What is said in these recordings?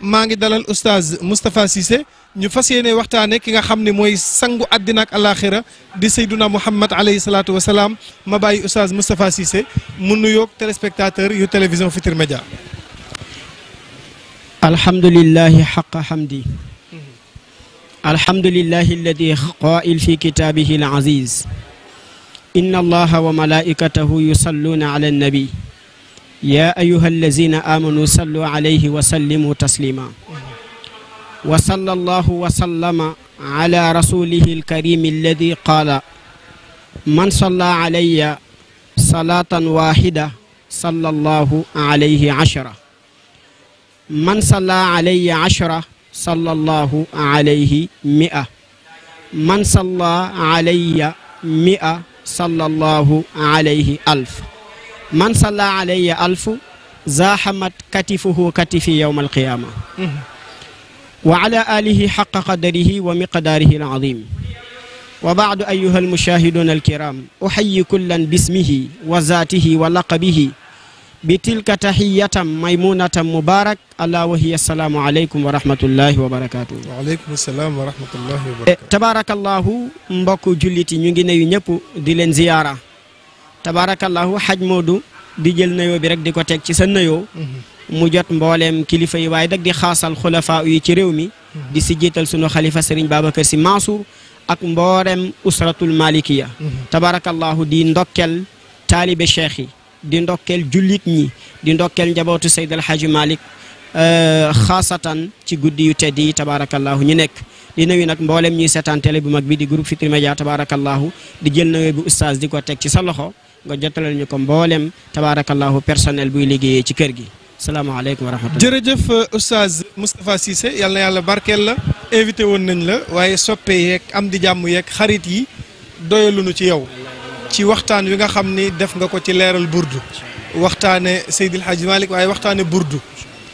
maa ngi dalal oustaz Moustapha Cissé ñu fas yéene waxtaane ki nga xam ni mooy sangu àddina ak alaaxira di sayduna Muhammad alayhi salaatu wa salaam ma bàyyi oustaz Moustapha Cissé mu nuyoog téléspectateur yu télévision Futurs Médias. alhamdulilahi xaqa yaa ayuha allazina amanu sallu alayhi wa sallimu taslima wa salla allahu wa sallama ala rasulihi alkarimi alladi qaala man salla alayya salaatan waxida salla allahu alayhi ashra man salla alayya ashra salla allahu alayhi mi'a man salla alayya mi'a salla allahu alayhi alf man salla alayya alfu zaaxamat katifuhu katifi yowma alqiyaama wa ala alihi xaqa qadarihi wa miqdaarihi alazim wa baadu ayuha almushaahiduuna alkiram uxayi kullan bismihi wa zaatihi wa laqabihi bi tilka taxiyatan maymunatan mubarak ala wa hiya assalaamu aleykum wa rahmatullahi wa barakatuh waaleykum salaam wa rahmatullahi wa barakatuh eh, tabaarakallahu mbokk jullit yi ñu ngi nuyu ñëpp di leen ziyaara tabaarakallaahu xaj moodu di jël nayoo bi rek di ko teg ci sa nayoo mu jot mbooleem kilifa yi waaye dagg di xaasal xulafaa yi ci réew mi di si jiital sunu xalifa Serigne Babacar Sy Mansour ak mboolem usratul malikiya tabaarakallaahu di ndokkel taalibe cheikh yi di ndokkel jullit ñi di ndokkel njabootu Seyd El Hadji Malick euh, xaasatan ci guddi yu tedd yi tabaarakallaahu ñu nekk di nuyu nag mboolem ñuy seetaan télé bu mag bi di groupe Futurs Médias tabaarakallaahu di jël nawe di ko teg ci sa loxo nga jotalal ñu ko mboolem tabaarakallaahu personnel buy liggéeyee ci kër gi salaamaaleykum wa rahmatulah. jërëjëf oustaz Moustapha Cissé yal na yàlla barkeel la invité woon nañ la waaye soppe yeeg am di jàmm yeeg xarit yi doyaluñu ci yow ci waxtaan wi nga xam ni def nga ko ci leeral burdu waxtaane Seydil Hadji Malick waaye waxtaane burdu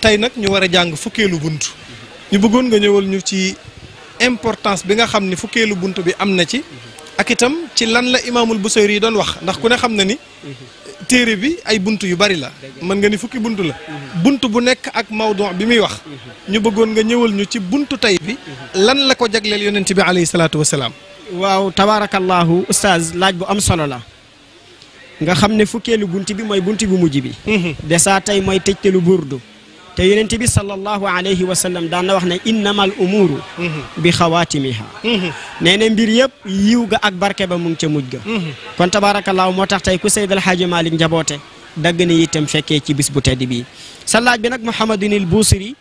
tey nag ñu war a jàng fukkeelu bunt ñu bëggoon nga ñëwal ñu ci importance bi nga xam ni fukkeelu bunt bi am na ci. ak itam ci lan la imaamul Busayri yi doon wax ndax ku ne xam na ni téere bi ay bunt yu bari la mën nga ni fukki bunt la bunt bu nekk ak mawdu bi muy wax ñu bëggoon nga ñëwal ñu ci bunt tey bi lan la ko jagleel yonent bi alayhi salaatu wasalaam waaw tabaarakallaahu ustaaz laaj bu am solo la nga xam ne fukkeelu bunt bi mooy bunt bu mujj bi mhm. desaa tey mooy tëjtelu burdu te yonent bi sallallahu alayhi wa sallam daan na wax ne innamal umuuru bi xawaatimiha mhm. nee na mbir yëpp yiw ga ak barke ba mu ngi ca mujj ga mhm. kon tabaarakallaahu moo tax tey ku Seydal Xaaji Malick njaboote dagg na itam fekkee ci bis bu tedd bii sa laaj bi nag Mouhamadunil Buusiri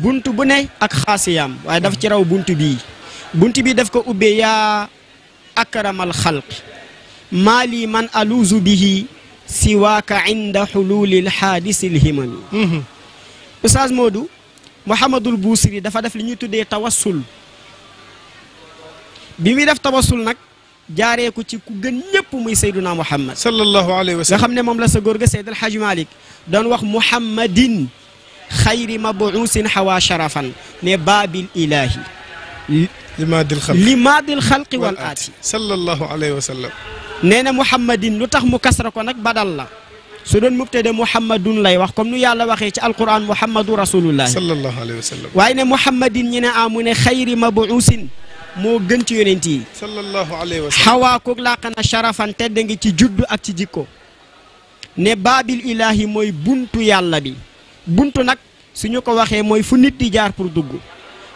bunt bu ne ak xaasiyaam waaye daf ci raw bunt bi bunt bi daf ko ubbee yaa akramal xalq maali man aluuzu bihi siwaaka inda xuluulil xaadisil himami mhm. Oustaz Modou Mouhamadul Buusiri dafa def li ñuy tuddee tawasul bi muy def tawassul nag jaaree ko ci ku gën ñëpp muy Seyduna Muhammad sallallahu alayhi wa sallam nga xam ne moom la sa góor ga Seydal Xaaj Malik doon wax Muhammadin xayri mabuusin xawaa sharafan ne baabil ilaahi limaadil xalqi limaadil xalqi wal aati sallallahu alayhi wa sallam lu tax mu kasra ko nag badal la su deen doon mubtada muhammadun lay wax comme nu yàlla waxee ci alquran muhammadu rasulullah sallallahu alayhi wa sallam waaye ne muhammadin ñi ne amu ne xayri mabuusin moo gën ci yonent yi sallallahu alayhi wa sallam xawaa koog laaqana sharafan tedd ngi ci juddu ak ci jikko ne baabil ilaahi mooy buntu yàlla bi buntu nag su ñu ko waxee mooy fu nit di jaar pour dugg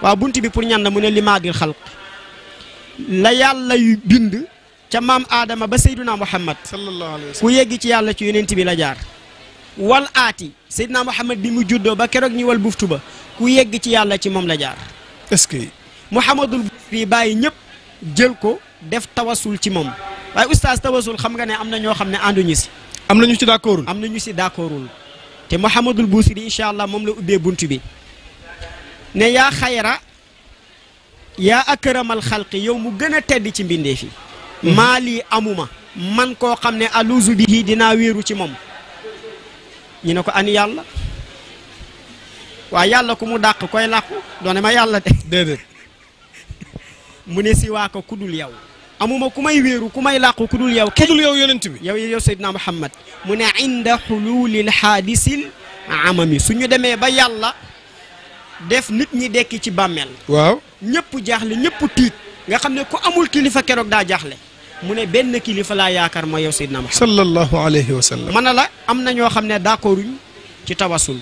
waaw bunt bi pour ñan la mu ne limaadil xalq la yàlla bind ca maam aadama ba sayduna muhammad sallallahu alayhi wa sallam ku yegg ci yàlla ci yonent bi la jaar wal aati sayduna muhammad bi mu juddoo ba keroog ñi wal buftu ba ku yegg ci yàlla ci moom la jaar est-ce que muhammadul bi bàyyi ñëpp jël ko def tawasul ci moom waaye oustaz tawasul xam nga ne am na ñoo xam ne ànduñu am na ñu si d'accordul am na ñu si d'accordul te muhammadul buusiri incha allah moom la ubbee bunt bi ne yaa xayra yaa akramal xalqi yow mu gën a tedd ci mbindeef yi Mhm. maa lii amuma man koo xam ne aluusu bihi dinaa wéeru ci moom ñu ne ko ani yàlla waa yàlla ku mu dàq koy làqu doone ma yàlla de déedéet mu ne si waa ko ku dul yow amuma ku may wéeru ku may làqu ku dul yow ku dul yow yonent bi yow yow Seydina Muhammad mu ne inda xululil xaadisil amami suñu demee ba yàlla def nit ñi dekki ci bàmmeel waaw ñëpp jaaxle ñëpp tiit nga xam ne ku amul kilifa keroog daa jaaxle mu ne benn falaa laa yaakaar ma yow Seydina Muhammad sallallahu alayhi am na ñoo xam ne d'accorduñ ci tawasul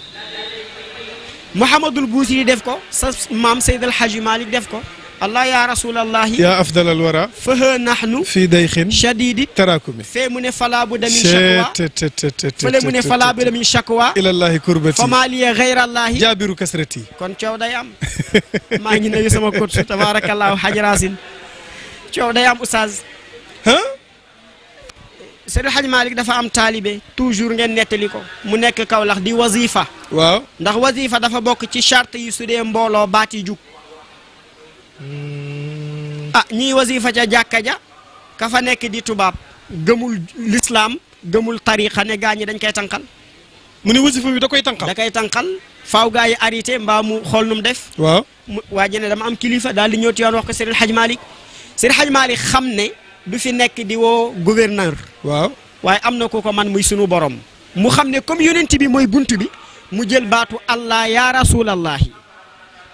Muhammadul Buusiri def ko sa maam Seyd al Hajji Malik def ko allah ya rasulallahi ya afdal al wara faha nahnu fii dayxin shadidi tarakumi fee mu ne falaa bu damin shakwa fële mu ne falaa bu damin shakwa ilallahi kurbati fama kasrati kon coow day am maa ngi nuyu sama kot tabarakallahu hajrasin coow day Seydi xaj Malick dafa am taalibe toujours ngeen nettali ko mu nekk Kaolack di wazifa waaw ndax wazifa dafa bokk ci charte yi su dee mbooloo baat yi jug hmm. ah ñii wazifa ca jàkka ja ka fa nekk di tubaab gëmul lislaam gëmul tariqa ne gaa ñi dañ koy tànqal mu ne wazifa bi da koy tànqal da koy tànqal faaw gaa yi arrêté mbaa mu xool nu mu def waaw waa ji ne dam am kilifa daal di ñëw ci yoon wax ko Seydi Hadj Malick Seydi Hadj Malick xam ne du fi nekk di woo gouverneur. waaw waaye am na ku ko man muy sunu borom. mu xam ne comme yonent bi mooy bunt bi mu jël baatu allah ya rasulallahi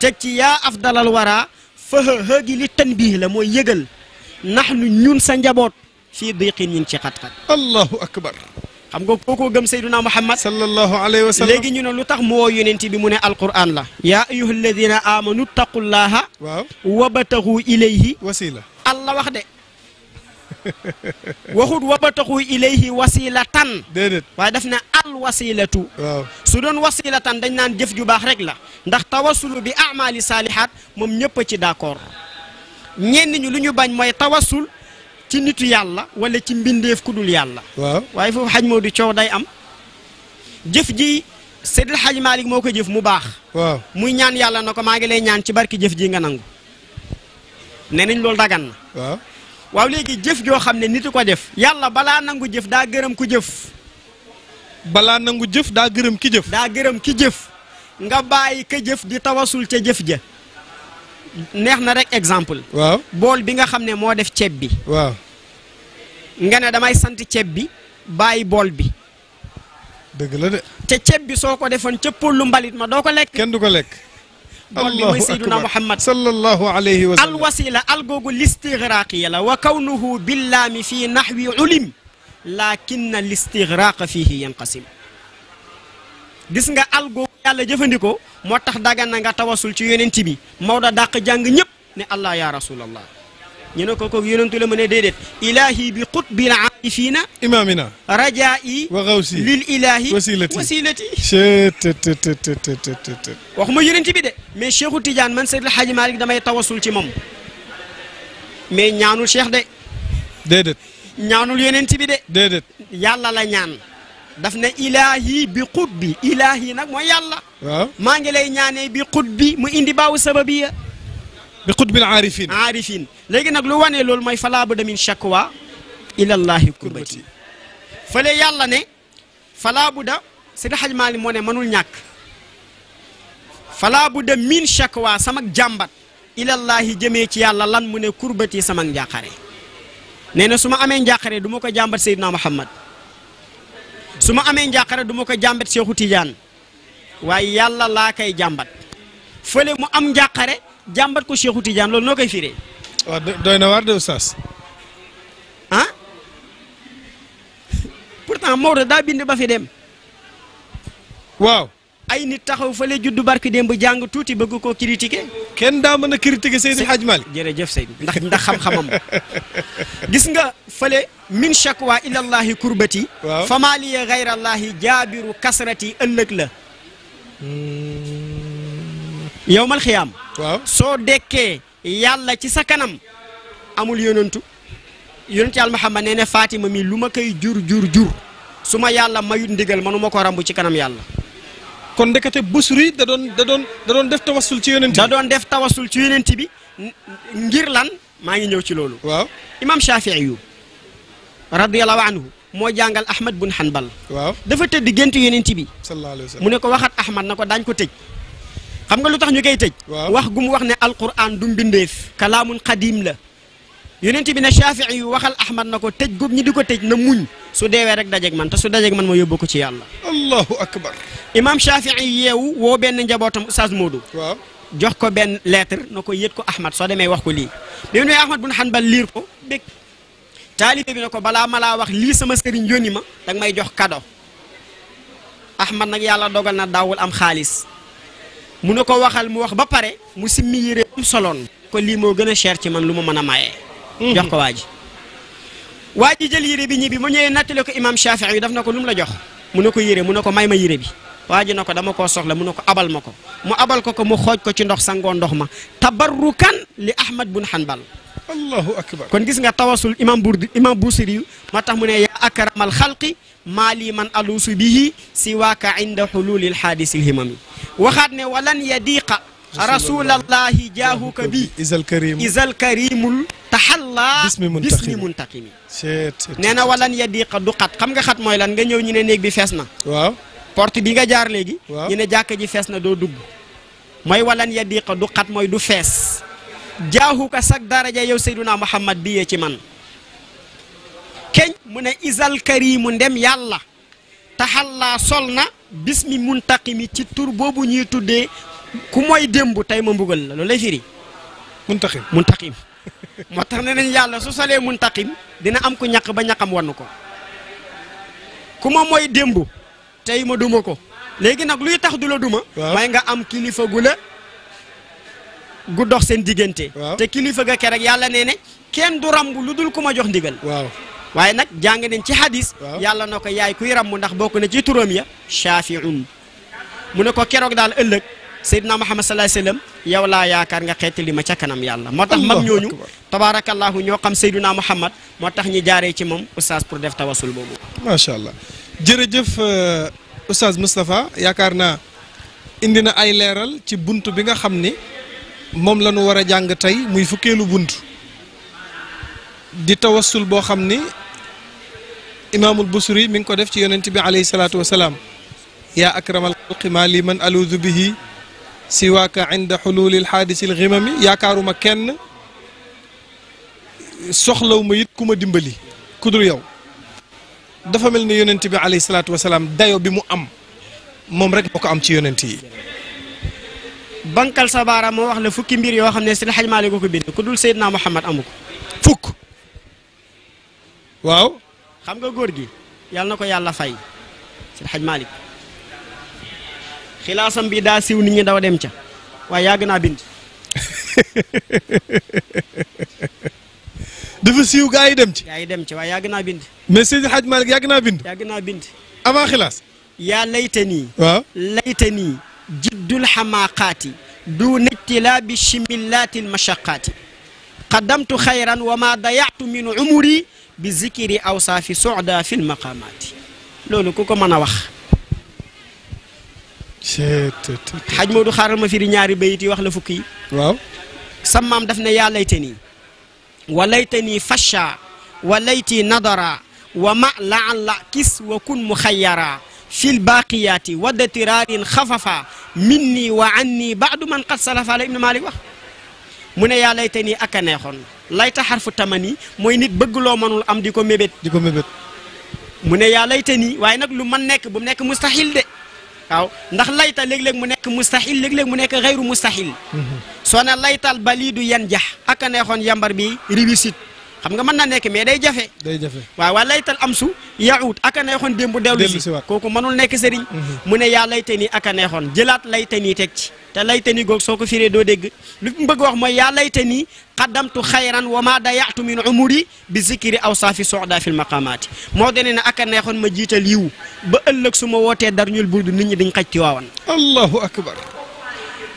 teg ci yaa afdalal wara fëhë hëgi li tanbiih la mooy yëgal nax nu ñun sa njaboot fii diqin ñun ci xat-xat. allahu akbar. xam nga kookoo gëm sayduna muhammad sallallahu alayhi wa sallam léegi ñu ne lu tax mu woo yonent bi mu ne alquran la ya ayuha alladina amanu taqullaha waaw wabatahu ilayhi wasila allah wax de waxut wabataxu ilayhi wasilatan déedéet waaye daf ne al wasilatu waaw su doon wasilatan dañ naan jëf ju baax rek la ndax tawasulu bi amali saalihaat moom ñëpp a ci d'accord ñenn ñu lu ñu bañ mooy tawasul ci nitu yàlla wala ci mbindeef ku dul yàlla waaye foofu xaj moo di coow day am jëf ji Seydil Xaj Maalik moo ko jëf mu baax muy ñaan yàlla na ko maa ngi lay ñaan ci barki jëf ji nga nangu nee nañ loolu dagan na waaw léegi jëf joo xam ne nit ko def yàlla balaa nangu jëf daa gërëm ku jëf balaa nangu jëf daa gërëm ki jëf daa gërëm ki jëf nga bàyyi ka jëf di tawasul ca jëf ja neex na rek exemple waaw bool bi nga xam ne moo def ceeb bi waaw nga ne damay sant ceeb bi bàyyi bool bi dëgg la de te ceeb bi soo ko defoon ca pollu mbalit ma doo ko lekk kenn du ko lekk doon li mooy sayduna muhammad sallallahu alayhi wa sallam alwasila algoogu listigraaqiya la wa kawnuhu billaami fi naxwi ulim lakinna listigraaq fihi yanqasim gis nga algoogu yàlla jëfandikoo moo tax dagan na nga tawasul ci yonent bi Maodo dàq jàng ñëpp ne allah ya rasulallah ñu ne ko ko yonentu la mu ne déedéet ilaahi bi qutbil واقفين إمامنا رجائي وغوصي للإله وسيلتي وسيلتي waxuma yonent bi de mais Cheikhou Tidiane man Seydil Hadji Malick damay tawasul ci moom mais ñaanul Cheikh de déedéet ñaanul yonent bi de déedéet yàlla la ñaan daf ne ilaahi bi qutbi ilaahi nag mooy yàlla waaw maa ngi lay ñaanee bi qutbi mu indi baaw sababiya bi qutbil aarifin aarifin léegi nag lu wanee loolu mooy falaa budda min shakwa ilallahi kurbati fële yàlla ne falaa budda si daxaj maali moo ne mënul ñàkk falaa budda min shakwa samak jàmbat ilallahi jëmee ci yàlla lan mu ne kurbati samak njàqare nee na su ma amee njàqare duma ko jàmbat Seydina Muhammad su ma amee njàqare duma ko jàmbat Seexu Tijaan waaye yàlla laa koy jàmbat fële mu am njàqare jàmbat ko Seexu Tijaan loolu noo koy firee pourtant Maodo daa waaw ay nit taxaw fële juddu barki démb jàng tuuti bëgg koo critiquer. kenn daa mën a critiquer Seydi Hadj Malick. jërëjëf Seydi ndax ndax xam-xamam gis nga fële. min shakwa ilallahi kurbati. waaw famaa liya gayrallahi jaabiru kasrati ëllëg la. Hmm. yow mal soo dekkee yàlla ci sa kanam amul yonantu yonantu yàlla Muhammad nee na Fatima mi lu ma jur jur jur. su ma yàlla mayut ndigal manuma ko rambu ci kanam yàlla. kon ndekete Busiri da doon da doon da doon def tawasul ci yonent bi. da def tawasul ci yonent bi ngir lan maa ngi ñëw ci loolu. waaw imaam Shafii yu radiyallahu anhu moo jàngal Ahmad bun Hanbal. waaw dafa tëdd gént yonent bi. sallallahu mu ne ko waxat Ahmad na ko daañ ko tëj. xam nga lu tax ñu koy tëj. wax gu mu wax ne alquran du mbindeef. kalaamun xadiim la. yonent bi ne Shaafi'i yu waxal Ahmad na ko tëj góob ñi di ko tëj na muñ su deewee rek dajeeg man te su dajeeg man ma yóbbu ko ci yàlla. allahu akbar. imaam Shaafi'i yeewu woo benn njabootam Oustaz Modou. jox ko benn lettre na ko yët ko Ahmad soo demee wax ko lii. bi mu ne Ahmad bun Hanbal liir ko dégg. taalibe bi ne ko balaa ma laa wax lii sama sëriñ yónni ma danga may jox kado. Ahmad nag yàlla dogal na daawul am xaalis. mu ne ko waxal mu wax ba pare mu simmi yére am lii moo gën a cher ci man lu ma mën a maye. Mhm. jox ko waa ji waa ji bi ñibbi mu ñëwee nattale ko imaam Shafii yi daf na ko lu mu la jox mu ne ko yére mu ne ko may ma yére bi waa ji na ko dama koo soxla mu ne ko abal ma ko mu abal ko ko mu xooj ko ci ndox sangoo ndox ma tabarrukan li Ahmad bun Hanbal allahu akbar kon gis nga tawasul imam burdi imam busiri moo tax mu ne yaa akramal xalqi maali man aluusu bihi siwaaka inda xululil xaadisil himami waxaat ne walan yadiqa rasulallahi jaahuka bi isal karim isal karimul taxalla bismi muntaqimi nee na walan ya diqa du xat xam nga xat mooy lan nga ñëw ñu ne néeg bi fees na waaw porte bi nga jaar léegi ñu ne jàkka ji fees na doo dugg mooy walan ya diqa du xat mooy du fees ko sag daraja yow sayduna muhammad bi yee ci man keñ mu ne isal karimu ndem yàlla laa sol na bismi muntaqimi ci tur boobu ñuy tuddee ku mooy démb tey ma mbugal la loolu lay firi muntaqim muntaqim moo tax ne nañ yàlla su solee muntaqim dina am ku ñaq ba ñaqam wann ko ku ma mooy démb tey ma duma ko léegi nag luy tax du la duma may nga am kilifa gu la gu dox seen diggante te kilifa ga kerek yàlla nee ne kenn du ramb lu dul ku ma jox ndigal waaw waaye nag jàng nañ ci hadis. yàlla na ko yaay kuy ràmm ndax bokk na ci turam ya shafiun mu ne ko keroog daal ëllëg Seydina Muhammad sallallahu alayhi wasallam yow laa yaakaar nga xeetali ma ca kanam yàlla moo tax mag ñooñu tabaarakallaahu ñoo xam Seydina Muhammad moo tax ñi jaaree ci moom oustaz pour def tawasul boobu macha allah jërëjëf euh, oustaz Moustapha yaakaar na indi na ay leeral ci bunt bi nga xam ni moom la ñu war a jàng tey muy fukkeelu bunt di tawassul boo xam ni imaamul busuri mi ngi ko def ci yonent bi alayhi salaatu wasalaam yaa akramal xalqi maa lii man aluudu bihi siwaaka inda xuluulil xaadisil ximami yaakaaruma kenn soxlaw ma it ku ma dimbali ku dul yow dafa mel ni yonent bi alayhi salaatu dayo bi mu am moom rek moo ko am ci yonent yi bankal sa baaraam moo wax la fukki mbir yoo xam ne si xaj maale ko ko bind ku dul Seydina Muhammad amu waaw xam nga góor gi yàlla na ko yàlla fay si xaj Malick xilaasam bi daa siw nit daw dem ca waaye yàgg naa bind dafa siiw gaa yi dem ci dem ci waaye yàgg naa bind mais yàgg naa bind yàgg naa bind avant xilaas yaa layta nii waaw layta nii jiddul xamaaqaati du najtilaa bi ma dayaatu min umuri bi zikiri awsaafi soda fil maqaamaati loolu ku ko mën a wax xaj Moodu xaaral ma firi ñaari bayit yi wax la fukki yi waaw sa maam daf ne yaa layta nii fasha wa nadara wa ma laan la kis wa kun mu xayyara fil baaqiyaati wadda tiraarin xafafa minni wa anni baadu man qad salafa la ibnu Malik wax mu ne yaa layte nii ak a neexoon layta xarfu tamani mooy nit bëgg loo mënul am di ko mébét. di ko mébét mu ne yaa layte nii waaye nag lu man nekk bu mu nekk mustaxil de waaw ndax layta léeg-léeg mu nekk mustaxil léeg-léeg mu nekk xayru mustaxil. Mhm. soo ne laytal du yan jax ak a neexoon yambar bi réussite. xam nga man na nekk mais day jafe day jafe waaw waa laytal am su yahuut aka neexoon démb dellu si kooku mënul nekk sëriñ mhm. mu ne yaa layta nii aka neexoon jëlaat layta nii teg ci te layta nii goog soo ko firee doo dégg lu bëgg wax mooy yaa layta nii qaddamtu xayran wa ma dayatu min umuri bi zikri aw saafi soxda fil maqamaati moo dene ne aka ma jiital yiw ba ëllëg su ma wootee dar ñul burdu nit ñi dañ xaj ci waawan allahu akbar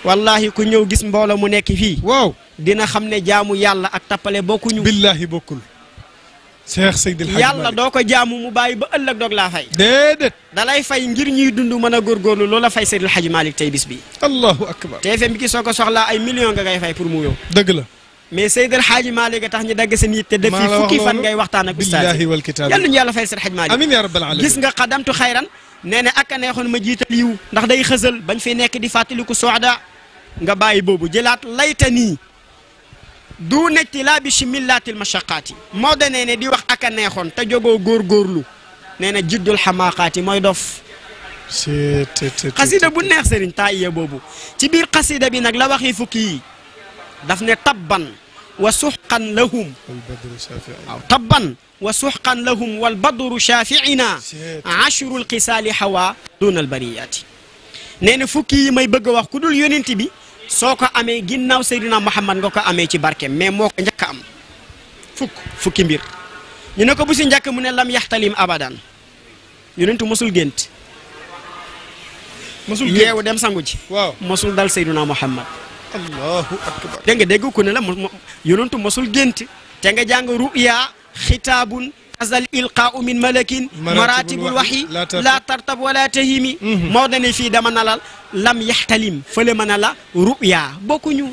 wallahi ku ñëw gis mbooloo mu nekk fii dina xam ne jaamu yàlla ak tappale bokkuñu. billaahi bokkul. Cheikh Seydil Hadji yàlla doo ko jaamu mu bàyyi ba ëllëg doog laa fay. déedéet. da lay fay ngir ñuy dund mën a góorgóorlu loola fay Seydil Hadji Malick tey bis bi. allahu akbar. TFM bi ki soo ko soxlaa ay millions nga ngay fay pour mu yow. dëgg la. mais Seydil Hadji Malick tax ñu dagg seen yitte. maa la wax fukki fan ngay waxtaan ak ustaas billaahi wal kitaab yàlla ñu yàlla fay Seydil Hadji Malick. amiin yaa rabbal aalamiin gis nga xadamtu xayran. nee ak a neexoon ma jiital ndax day xësal bañ nekk di fàttaliku soxda nga bàyyi boobu jëlaat layta nii du netti laa bi si millaatil mashaqaati moo da nee ne di wax ak a neexoon te jogoo góorgóorlu nee na jiddul xamaaqaati mooy dof xasida bu neex sëriñ taa'iya boobu ci biir xasida bi nag la waxi fukki daf ne tabban wa suxqan lahum wa suxqan lahum wal badru shaafiina ashrul xisaali hawa duna albariyaati nee na fukki yi may bëgg wax ku dul yonent soo ko amee ginnaaw Seydina Muhammad nga ko amee ci barke mais moo ko njëkk am fukk fukki mbir ñu ne ko bu si njëkk mu ne lam yaxtalim abadan yonentu mosul gént mosul gént yeewu dem sangu ji waaw mosul dal Seydina Muhammad allahu akbar dégg nga dégg ku ne la yonentu mosul gént te nga jàng ruya xitaabun kazal ilqaau min malakin maratibul waxi la tartab wala tahimi mhm. moo dane fii dama na lal lam yaxtalim fële mën a la ruya bokkuñu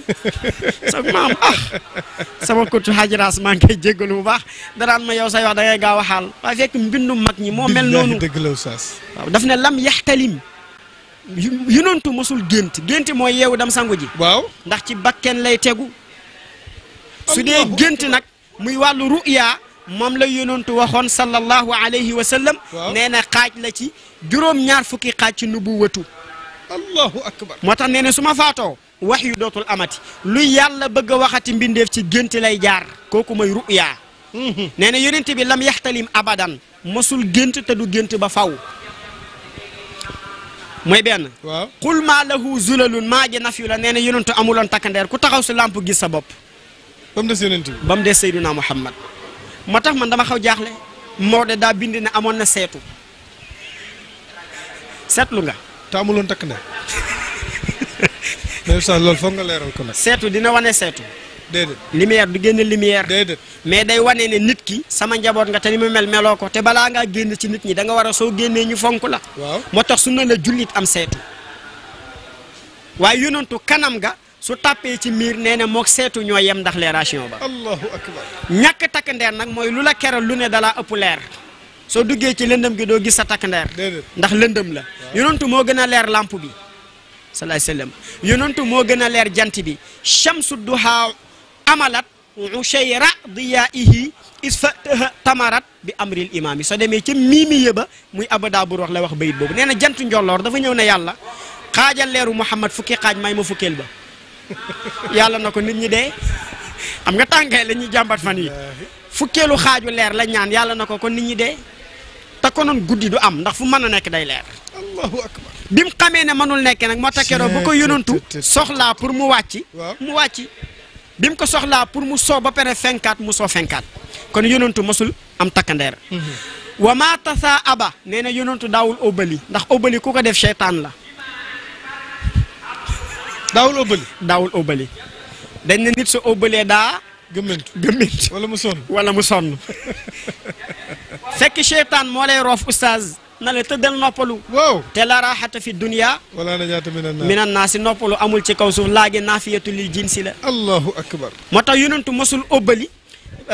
sa maam ah sama kutu hajiraas maa ngi koy jéggalu bu baax daraan ma yow say wax da ngay gaaw a fekk mbindum mag ñi moo mel noonu waaw daf ne lam yaxtalim yunantu mosul gént gént moo yeewu dam sangu ji waaw ndax ci bakken lay tegu su dee gént nag muy wàllu ruya moom la yonantu waxoon sallallahu alayhi wa sallam nee na xaaj la ci juróom-ñaar fukki xaaj ci nubuwatu allahu akbar moo tax nee na su ma faatoo wax yu dootul amati lu yàlla bëgga waxati mbindeef ci gént lay jaar kooku mooy ruyaa mhm. nee na yonent bi lam yaxtalim abadan mosul gént te du gént ba faw mooy benn waaw qul maa lahu zulalun maa ji naf yu la nee na yonentu amuloon takkandeer ku taxaw si lamp gis sa bopp ba mu des yonent bi ba mu Muhammad moo tax man dama xaw jaaxle Maodo daa bind na amoon na seetu seetlu nga. te amuloon takk na mais ça loolu foog nga leeral ko nag. seetu dina wane seetu. déedéet lumière du génn lumière. déedéet mais day wane ne nit ki. sama njaboot nga te ni mu mel meloo ko te balaa ngaa génn ci nit ñi da nga war a soo génnee ñu fonk la. moo tax su ne la jullit am seetu waaye yonantu kanam nga. su tappee ci miir nee na mook seetu ñoo yem ndax leeration ba allahu akbar ñàkk takk ndeer nag mooy lu la keral lu ne dalaa ëpp leer soo duggee ci lëndëm gi doo gis sa takk ndeer ndax lëndëm la yonentu moo gën a leer lamp bi salaay sallam yonentu moo gën a leer jant bi chamsu duhaa amalat ushayra diyaihi isfataha tamarat bi amril imaam yi soo demee ca miimi yëba muy abada bu rox la wax bayit boobu nee na jant njolloor dafa ñëw ne yàlla xaajal leeru muhammad fukki xaaj may ma fukkeel ba yàlla na ko nit ñi dee xam nga tàngaay la ñuy jàmbat fan yi fukkeelu xaaju leer la ñaan yàlla na ko kon nit ñi dee te konoon guddi du am ndax fu mën a nekk day leer bi mu xamee ne mënul nekk nag moo tax keroog bu ko yënantu soxlaa pour mu wàcc mu wàcc bi mu ko soxlaa pour mu soo ba pare fenkaat mu soo fenkaat kon yonantu mosul am takkandeer mhm. wa maa tasa aba nee na yonantu daawul óbbali ndax óbbali ku ko def seytaan la daawul óbbali daawul dañ ne nit su óbbalee daa gëmmint gëmmint wala mu sonn wala mu sonn fekk seytaan moo lay roof oustaz na la tëddal noppalu waaw te la raxata fi dunia wala najaata minan naasi noppalu amul ci kaw suuf laagi naafiyatu lil jinsi la allahu akbar moo tax yonentu mosul óbbali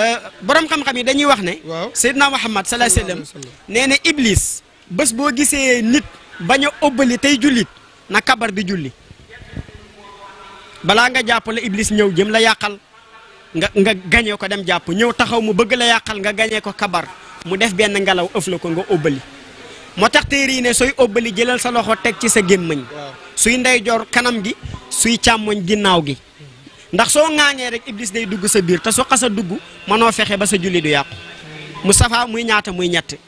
euh, borom xam-xam yi dañuy wax ne seydina muhammad salaa sallam nee na iblis bés boo gisee nit bañ a óbbali tey jullit na kabar di julli balaa nga jàpp la iblis ñëw jëm la yàqal nga nga gañee ko dem jàpp ñëw taxaw mu bëgg la yàqal nga gañee ko kabar mu def benn ngelaw ëf la ko nga óbbali moo tax téere yi ne sooy óbbali jëlal sa loxo teg ci sa gémmañ suy ndeyjoor kanam gi suy càmmoñ ginnaaw gi ndax soo ŋaaŋee rek iblis day dugg sa biir te su xas dugg manoo fexe ba sa julli du yàqu Moustapha muy ñaata muy ñett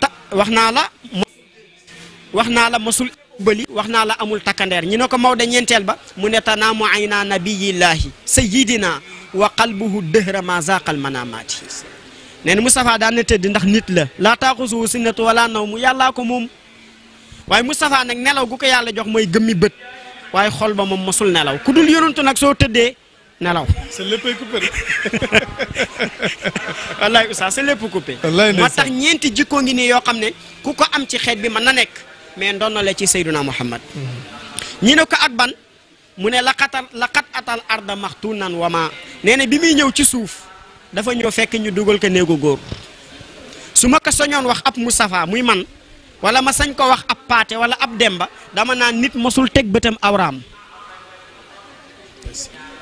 ta wax naa la wax naa bëli wax naa la amul takkandeer ñu ne ko Maodo ñeenteel ba mu ne tanaamu ayna nabiyillaahi sayyidina wa qalbuhu dëhra ma zaqal manaamaati nee na Moustapha daan na tëdd ndax nit la laa taaxusuhu sinnatu wala naw mu yàllaa ko moom waaye Moustapha nag nelaw gu ko yàlla jox mooy gëmmi bët waaye xol ba moom mosul nelaw ku dul yonantu nag soo tëddee nelaw. sa lépp ay coupé wallaay Oustaz sa lépp coupé. moo tax ñeenti jikko ngi nii yoo xam ne ku ko am ci xeet bi mën na nekk. mais ndonna la ci sayduna muhammad ñi ne ko ak ban mu ne laqatal laqat atal arda maxtunan wama nee na bi muy ñëw ci suuf dafa ñëw fekk ñu dugal ko néegu góor su ma ko soñoon wax ab Moustapha muy man wala ma sañ ko wax ab paate wala ab demba dama naan nit mosul teg bëtam awraam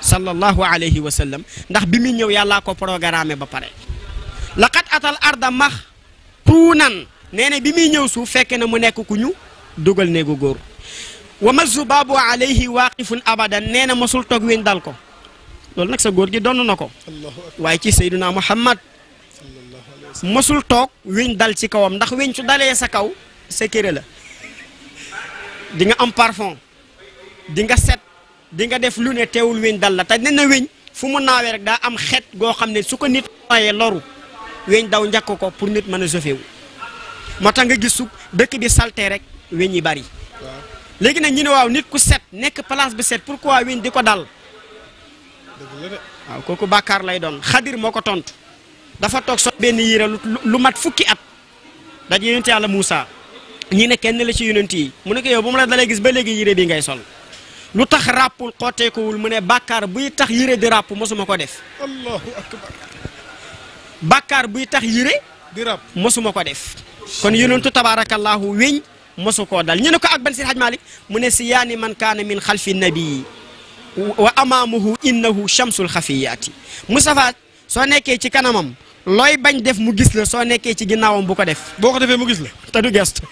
sallallahu alayhi wa sallam ndax bi muy ñëw yàllaa ko programme ba pare laqat atal arda max tuunan nee na bi muy ñëw suuf fekk na mu nekk ku ñu dugal néegu góor wa mazu baabu alayhi waaqifun abadan nee na mosul toog weñ dal ko loolu nag sa góor gi donn na ko waaye ci sayduna muhammad mosul toog weñ dal ci kawam ndax weñ su dalee sa kaw sa kër la di nga am parfum di nga set di nga def lu ne teewul weñ dal la te nee na weñ fu mu naawee rek daa am xet goo xam ne su ko nit waaye loru weñ daw njakk ko pour nit mën a jëfewu mata tax nga gisu dëkk bi salte rek weñ yi bari léegi nag ñu ne waaw nit ku set nekk place bi set pourquoi weñ di ko dal waaw kooku bàkkaar lay doon xadir moo ko tontu dafa toog so benn yére lu mat fukki at daje yonent yàlla Moussa ñi ne kenn la ci yonent yi mu nekk ko yow bu mu la dalee gis ba léegi yére bi ngay sol lu tax ràppul xooteekuwul mu ne bàkkaar buy tax yére di ràpp mosuma ko def allahu bàkkaar buy tax yére di ràpp mosuma ko def kon yonentu tabaarakallaahu weñ mosu koo dal ñu ne ko ak ban si haj malik mu ne si yaani man kaana min xalfi nabii wa amaamuhu innahu shamsul xafiyaati Moustapha soo nekkee ci kanamam looy bañ def mu gis soo nekkee ci ginnaawam bu ko def boo ko defee mu gis la te du gestu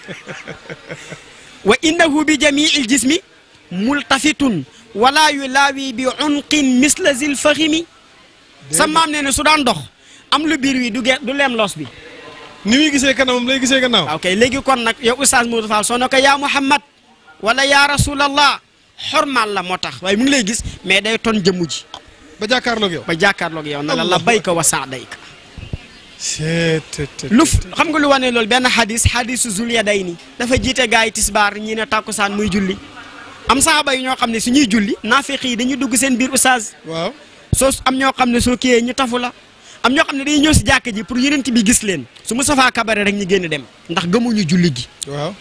wa innahu bi jamiil jismi multafitun wala yulaawi bi unqin misla zil fahimi sa maam ne ne su daan dox am lu biir wi du ge du leem loos bi ni muy gisee kanamam lay gisee gannaaw waaw kay léegi kon nag yow oustaz Modou Fall soo ne ko yaa Muhammad wala yaa rasulallah xormaal la moo tax waaye mu ngi lay gis mais day ton jëmm ji ba jàkkaarloog yow ba jàkkaarloog yow na la labayka wa saadayka lu xam nga lu wane loolu benn xadis xadisu day ni dafa jiite gars yi tisbaar ñi ne tàkkusaan muy julli am saaba yi ñoo xam ne su suñuy julli naafiq yi dañuy dugg seen biir oustaz waaw soo am ñoo xam ne soo kiyee ñu tafu la am ñoo xam ne dañuy ñëw si jàkk ji pour yeneen bi gis leen su Moustapha kabare rek ñu génn dem ndax gëmuñu julli gi. waaw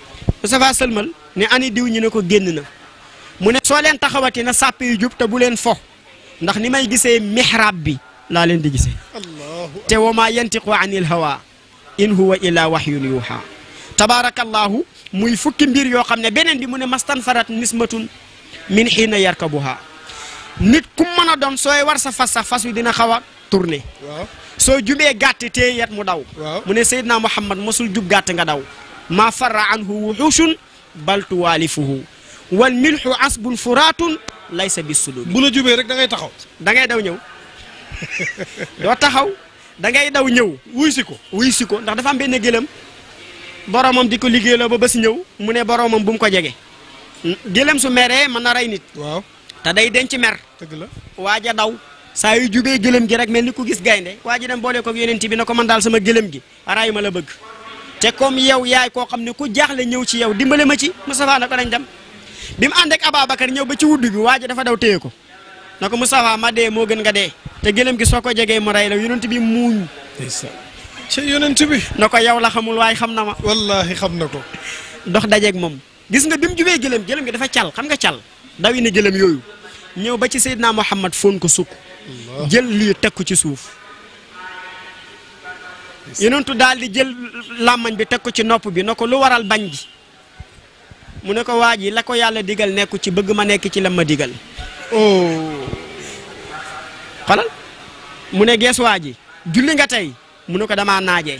Moustapha Sëlmal ne ani diw ñu ne ko génn na mu ne soo leen taxawati na sàpp yu jub te bu leen fo ndax ni may gisee mihrab bi laa leen di gisee. te wa maa yantiqu anil hawa in huwa illa wahyun yuha tabaarakallahu muy fukki mbir yoo xam ne beneen bi mu ne mastan farat nismatun min xiina yarkabuha nit ku mën a doon sooy war sa fas sax fas wi dina xaw a tourné soo jubee gàtt te yet mu daw mu ne Seydina Muhammad mosul jub gàtt nga daw maa farra anhu wuxushun bal tuwaalifuhu wal milxu asbun furaatun laysa bi sulubi bu la jubee rek da taxaw dangay daw ñëw doo taxaw da ngay daw ñëw wuy si ko wuy si ko ndax dafa am benn gëlëm boromam di ko liggéey la ba ba si ñëw mu ne boromam bu mu ko jege gëlëm su meree mën a rey nit waaw te day denc mer. dëgg la waaja daw. saa yu jubee gëlëm gi rek mel ni ku gis gaynde waa ji dem boole ko yeneen ti bi na ko man daal sama gëlëm gi raay ma la bëgg te comme yow yaay koo xam ne ku jaaxle ñëw ci yow dimbale ma ci Moustapha na ko nañ dem bi mu ànd ak Ababacar ñëw ba ci wudd bi waaja dafa daw téye ko na ko Moustapha ma dee moo gën nga dee te gëlëm gi soo ko jegee mu ray la yonent bi mu muuñ ci yonent bi na ko yow la xamul waaye xam na ma wallaahi xam na ko dox dajeeg moom gis nga bi mu jubee gëlëm gëlëm gi dafa cal xam nga cal dawi na gëlëm yooyu ñëw ba ci Seydina Muhammad foon ko sukk jël lii teg ko ci suuf yonentu daal di jël làmmañ bi teg ko ci nopp bi na ko lu waral bañ gi mu ne ko waa ji la ko yàlla digal nekku ci bëgg ma nekk ci la ma digal oh. xolal mu ne gees waa ji julli nga tey mu ne ko damaa naajee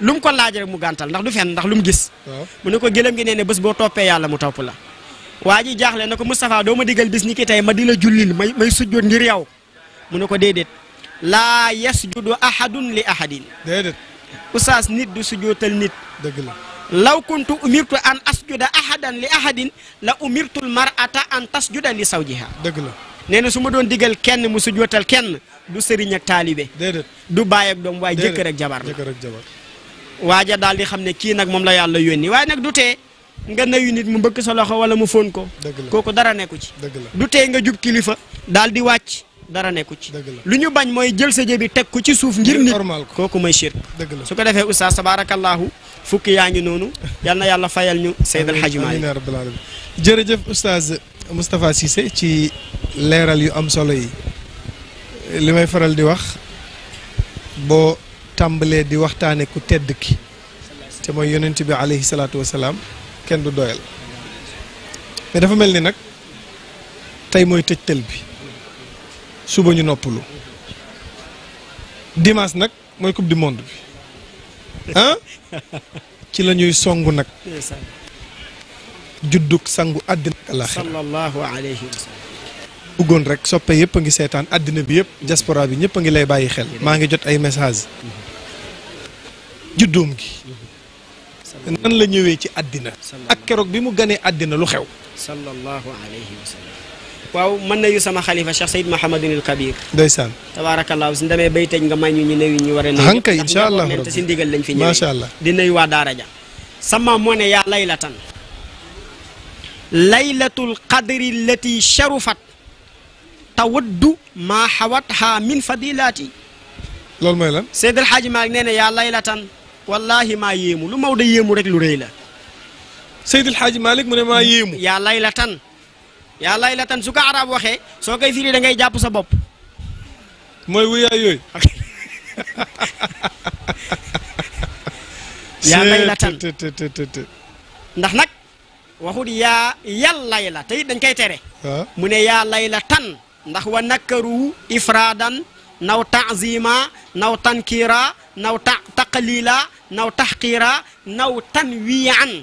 lu mu ko laaj rek mu gàntal ndax du fen ndax lu mu gis mu ne ko gëlëm gi nee ne bés boo toppee yàlla mu topp la waa ji jaaxle na ko Moustapha doo ma digal bis ni ki tey ma di la jullil may may sujjoot ngir yow mu ne ko déedéet laa yasjudu ahadun li ahadin déedéet nit du sujjootal nit dëgg la law kuntu umirtu an asjuda ahadan li ahadin la umirtul mar'ata an tasjuda li sawjiha dëgg la nee na su ma doon digal kenn mu sujjootal kenn du sëriñ ak taalibe du baay ak doom waaye jëkkër ak jabar la waaja daal di xam ne kii nag moom la yàlla yónni waaye nag du tee nga nayu nit mu mbëkk sa loxo wala mu fóon ko kooku dara nekku ci du tee nga jub kilifa daal di wàcc dara nekku ci lu ñu bañ mooy jël sa jëbi teg ko ci suuf ngir nit kooku mooy shirk su ko defee oustaz tabarakallahu fukki yaa ngi noonu yal na yàlla fayal ñu Seydal Hadji Malick jërëjëf oustaz Moustapha Cissé ci leeral yu am solo yi li may faral di wax boo tàmbalee di waxtaane ku tedd ki te mooy yonent bi alayhi salaatu salaam kenn du doyal mais dafa mel ni nag tey mooy tëjtal bi suba ñu noppalu dimaas nag mooy coupe du monde bi ah ci la ñuy songu nag juddug sangu àddina ak alaaxira sallallahu alayhi wa rek soppe yëpp a ngi seetaan àddina bi yëpp diaspora bi ñëpp a ngi lay bàyyi xel maa ngi jot ay message mm-hmm. juddoom gi mm-hmm. nan la ñëwee ci àddina ak keroog bi mu ganee àddina lu xew sallallahu alayhi wa sallam waaw mën nañu sama xalifa Cheikh Seyd Mahamadunil Kabir ndeysaan tabaarakallaahu si ndamee bay tëj nga may ñu ñu néew ñu war a néew hanka insha allah te si ndigal lañ fi ñëwee di nuyu waa daara sama moo ne yaa laylatan laylatul qadri lati sharufat tawaddu maa xawatha wallaahi maa yéemu lu Maodo yéemu rek lu rëy la. Seydil Hadji Malick mu ne maa yéemu. yaa layla tan yaa layla tan su ko arab waxee soo koy firi da ngay jàpp sa bopp. mooy wuyaay yooyu. yaa layla tan ndax nag waxut yaa yal layla te it dañ koy tere. mu ne yaa layla tan ndax wa nakkaru ifraadan naw taazima naw tankira naw ta taqlila naw taxqiira naw tanwiyan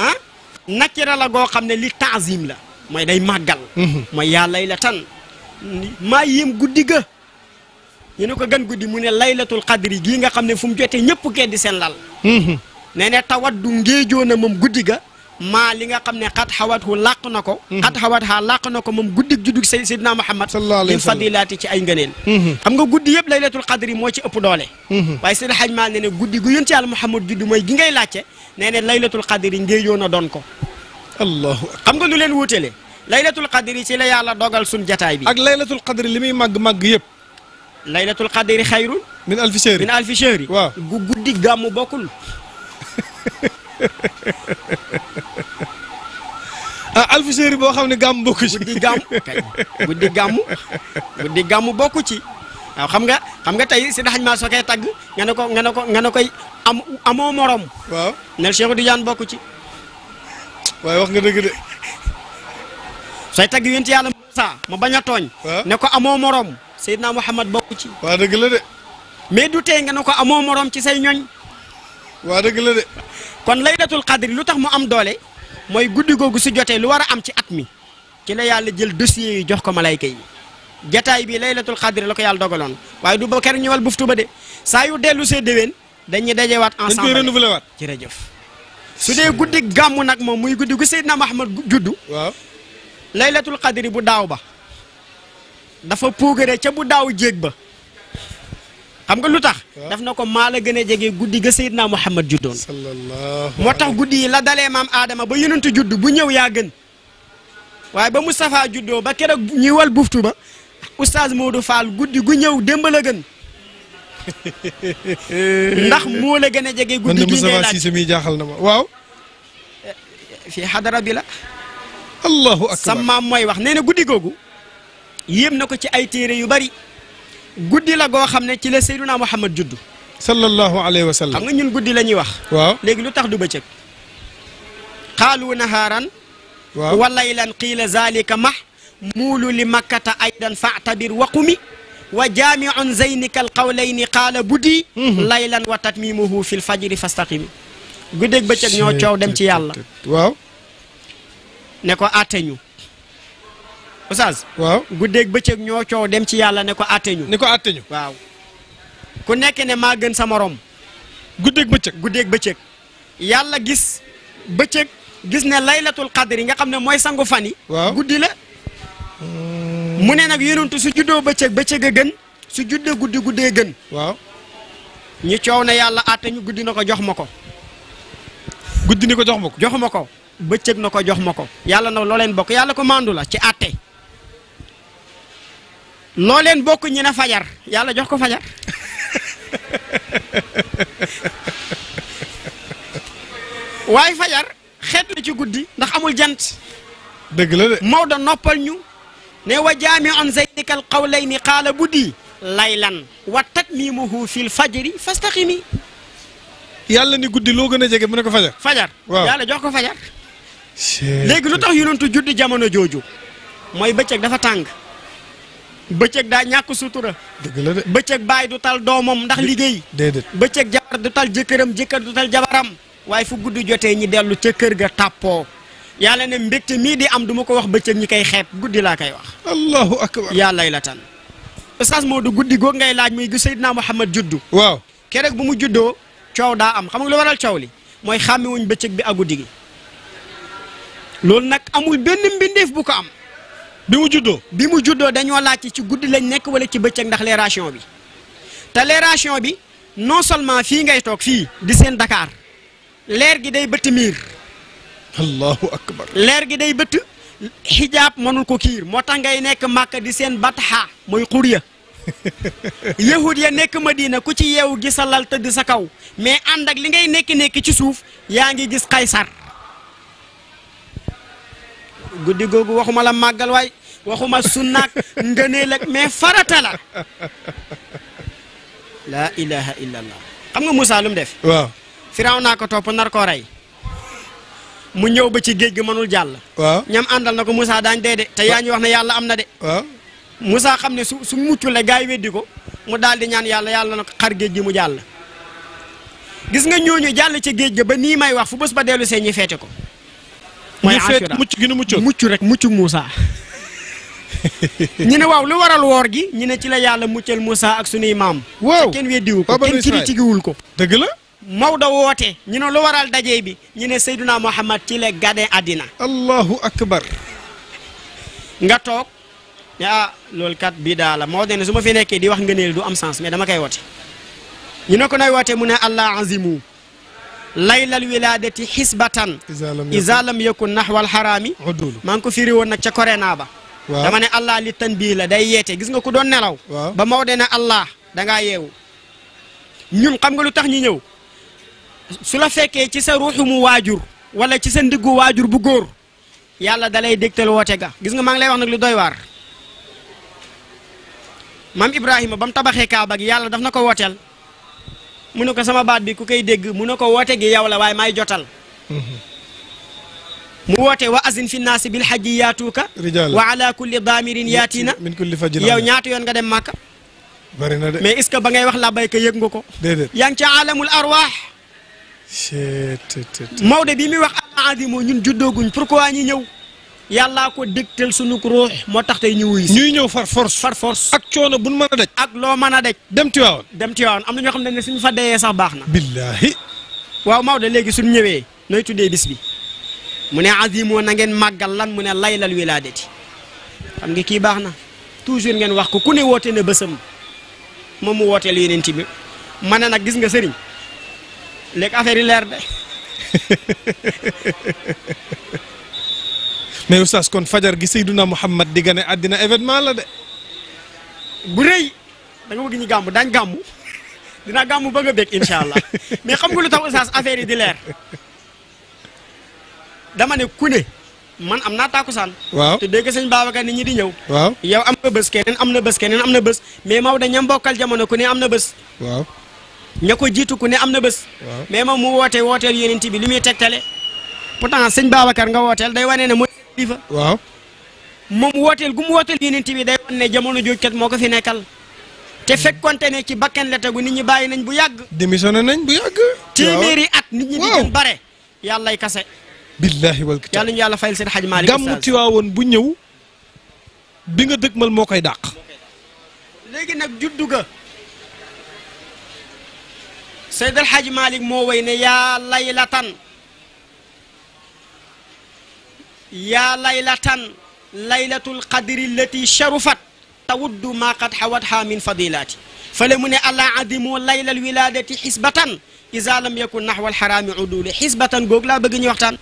ah nakira la goo xam ne li taazim la mooy day màggal mhm. mooy yaa laylatan maa yéem guddi ga ñu ne ko gën guddi mu ne laylatul qadri gii nga xam ne fu mu jotee ñëpp keddi seen lal mhm. nee ne tawaddu ngéejoona moom guddi ga maa li nga xam ne xat xawat hu làq na ko mhm. xat xawat ha làq na ko moom guddig juddug Seydina Muhammad min fadilaati ci ay ngëneel mhm. xam nga guddi yëpp laylatul qadri moo ci ëpp doole mhm. waaye Seydi Hajj Maalik ne ne guddi gu yonent Yàlla Muhammad juddu mooy gi ngay laajte nee ne laylatul qadri ngéejoon a doon ko allahu xam nga lu leen wuutele laylatul qadri ci la yàlla dogal suñ jataay bi ak laylatul qadri li muy màgg-màgg yëpp laylatul qadri xayrun min alfi shahri min alfi shahri waaw gu guddi gàmmu bokkul ah alfuseri boo xam ne gàmm bokku ci. gàmm kañ gàmm guddi ci waaw xam nga xam nga tey si daxañ maa sokee tagg nga ne ko nga ne ne koy am amoo morom. waaw nel Cheikh Tidiane bokku ci. waaye wax nga dëgg de. sooy tagg yonent yàlla Moussa mu bañ a tooñ. ne ko amoo morom Seydina Muhammad bokku ci. waa dëgg la de. mais du tee nga ne ko amoo moroom ci say ñoñ. waa dëgg la de. kon laylatul qadri lu tax mu am doole mooy guddi googu si jotee lu war a am ci at mi ci la yàlla jël dossier yi jox ko malayka yi jataay bi laylatul qadri la ko yàlla dogaloon waaye du ba keroog ñëwal buftu ba de saa yu dellu see déwén dañuy dajewaat ensemble dañ koy renouveler waat jërëjëf su dee guddi gàmmu nag moom muy guddi gu Seydina Mahamad juddu waaw laylatul qadri bu daaw ba dafa puugare ca bu daaw jéeg ba xam nga lu tax ah. daf na ko maa la gën a jege guddi ga Seydina Muhammad juddoon moo tax guddi la dalee maam aadama ba yonentu juddu bu ñëw yaa gën waaye ba Moustapha juddoo ba keroog ñuy wal buftu ba oustaz Modou Fall guddi gu ñëw démb la gën ndax moo gën a jege guddi gi ngay laaj man jaaxal na ma waaw fii xadara bi la mooy wax nee na guddi googu yéem na ko ci ay téere yu bari guddi la goo xam ne ci la Seydunaa Muhammad juddu. sallallahu alayhi wa ñun guddi la ñuy wax. waaw léegi lu tax du bëccëg. xaalu nahaaran. waaw wa laylan qiila zaalika max. muulu li makkata aydan fa'tabir waqumi. wa jaamiun zaynika alqawlayni qaala buddi. Mhm. laylan wa tatmimuhu fil fajri fastaqimi. guddeeg bëccëg ñoo coow dem ci yàlla. waaw. ne ko àtte Oustaz. waaw guddeeg bëccëg ñoo coow dem ci yàlla ne ko àtte ñu. ne ko àtte ñu waaw. ku nekk ne maa gën sa morom. guddeeg bëccëg guddeeg bëccëg. yàlla gis bëccëg gis ne laylatul qadri nga xam ne mooy sangu fan yi. waaw guddi la. mu ne nag yonentu su juddoo bëccëg bëccëg a gën su juddee guddi guddee gën. waaw ñu coow ne yàlla àtte ñu guddi na ko jox ma ko. guddi ni ko jox ma ko jox ma ko. bëccëg na ko jox ma ko. yàlla nag loo leen bokk yàlla ko mandu la ci àtte. noo leen bokk ñi na fajar yàlla jox ko fajar waaye fajar xeet la ci guddi ndax amul jant dëgg la de Maodo noppal ñu ne wa jaami an zaydikal qawlayni qaala buddi laylan wa tatmimuhu fil fajri fastaqimi yàlla ni guddi loo gën a jege mu ne ko fajar fajar jox ko fajar léegi lu tax yonentu juddi jamono jooju mooy bëccëg dafa tàng bëccëg daa ñàkk sutura. dëgg la de bëccëg baay du tal doomam ndax liggéey. déedéet bëccëg jabar du tal jëkkëram jëkkër du tal jabaram. waaye fu guddi jotee ñi dellu ca kër ga tàppoo yàlla ne mbégte mii di am du ko wax bëccëg ñi koy xeeb guddi laa koy wax. allahu akbar yàllay la tan. Oustaz Modou guddi goog ngay laaj muy gi Seydina Muhammad juddu. waaw keroog bu mu juddoo coow daa am xam nga lu waral coow li mooy xàmmiwuñ bëccëg bi ak guddi gi loolu nag amul benn mbindeef bu ko am. bi mu juddoo bi mu juddoo dañoo laajte ci guddi lañ nekk wala ci bëccëg ndax leeration bi te leeration bi non seulement fii ngay toog fii di seen Dakar leer gi day bëtt miir. allahu akbar leer gi day bëtt xijaab mënul ko kiir moo tax ngay nekk màkk di seen bataxa mooy xurya yahud ya nekk ma Madina ku ci yeewu gisalal tëdd sa kaw mais ànd ak li ngay nekk nekk ci suuf yaa ngi gis Kaysar. guddi googu waxuma la màggal waay waxuma sunnaak ngëneel ak mais farata la laa ilaha xam nga Moussa lu mu def waaw firaw naa ko topp nar mu ñëw ba ci géej gi mënul jàll waaw ñam àndal na ko musaa daañ dee de te yaa ñu wax na yàlla am na de waaw Moussa xam ne su muccul la gaa yi weddi ko mu daal di ñaan yàlla yàlla na ko xar géej gi mu jàll gis nga ñooñu jàll ci géej ga ba nii may wax fu bés ba dellu see ñi feete ko mooy asura mucc gi nu muccoon mucc rek mucc Moussa. ñu ne waaw lu waral woor gi ñu ne ci la yàlla muccal Moussa ak sunuy maam. waaw kenn weddiwu ko kenn critiquewul ko. dëgg la. Maodo woote ñu ne lu waral daje bi ñu ne Seydina Muhammad ci la gane àddina. allahu akbar. nga toog. ah loolu kat bii daa la de ne su ma fi nekkee di wax ngëneel du am sens mais dama koy woote. ñu ko nay woote mu ne Allah azimu. laylal wilaadati xisbatan iza lam yakun naxwal xaraami maa ngi ko firi woon nag ca koréna ba dama ne allah li tan bii la day yeete gis nga ku doon nelaw ba maw de ne allah dangaa yeewu ñun xam nga lu tax ñu ñëw su la fekkee ci sa ruuxumu waajur wala ci sa ndiggu waajur bu góor yàlla dalay dégtal woote ga gis nga maa lay wax nag lu doy waar maam ibrahima ba mu tabaxee kaaba yàlla daf na ko wooteel mu ne ko sama baat bi ku koy dégg mu ne ko woote gi yow la waaye maay jotal mm-hmm. mu woote wa azin fi naasi bil xajji yaatuuka wa ala kulli daamirin yaatina yow ñaata yoon nga dem màkka bari na de mais est-ce que ba ngay wax labbayka yëg nga ko déedéet yaa ngi ci alamul arwaax Maodo bi muy wax al azimu ñun juddooguñ pourquoi ñi ñëw yàllaa ko dégtal sunu ruux moo tax tey ñu wuyu ñuy ñëw far force far ak coono bu nu mën ak loo mën a daj. dem Tiwaawan dem Tiwaawan am na ñoo xam na ne suñu fa deyee sax baax na. billaahi. waaw Maodo léegi suñ ñëwee nooy tuddee bis bi mu ne azimoo na ngeen màggal lan mu ne laylal wilaadati xam nga kii baax na toujours ngeen wax ko ku ne woote na bësam moom mu wootee wooteel yonent bi ma ne nag gis nga sëriñ léegi affaire yi leer de. mais oustaz kon fajar gi Seydina Muhammad di gane àddina événement la de. bu rëy da nga bëgg ñu gàmm daañ gàmm dinaa gàmm bëgg a incha allah mais xam nga lu tax oustaz affaire di leer dama ne ku ne man am naa taakusaan waaw te dégg sëñ Babacar nit ñi di ñëw. waaw yow am na bés keneen am na bés keneen am na bés mais Maodo ñam bokkal jamono ku ne am na bés. ña ko jiitu ku ne am na bës mais moom mu woote wooteel yonent bi lu muy tegtale pourtant sëñ Babacar nga wooteel day wane ne mooy. kilifa waaw moom wooteel gu mu wooteel yonent bi day wan ne jamono jooju kat moo ko fi nekkal te fekkonte ne ci bakkan la tegu nit ñi bàyyi nañ bu yàgg démissionné nañ bu yàgg téeméeri at nit ñi di gën bare yàllay kase billaahi wal kitaab yàlla ñu yàlla fayal seen xaj maalik gàmmu Tiwaawoon bu ñëw bi nga dëgmal moo koy dàq léegi nag juddu ga Seydal Xaj moo way ne yaa laylatan yaa laylatan laylatul qadri lati sharufat tawuddu ma qad xawatha min fadilati fale mu ne àla adimu laylal wiladati xisbatan isa lam yakun naxwa alxaraami uduli xisbatan goog laa bëgg ñu waxtaan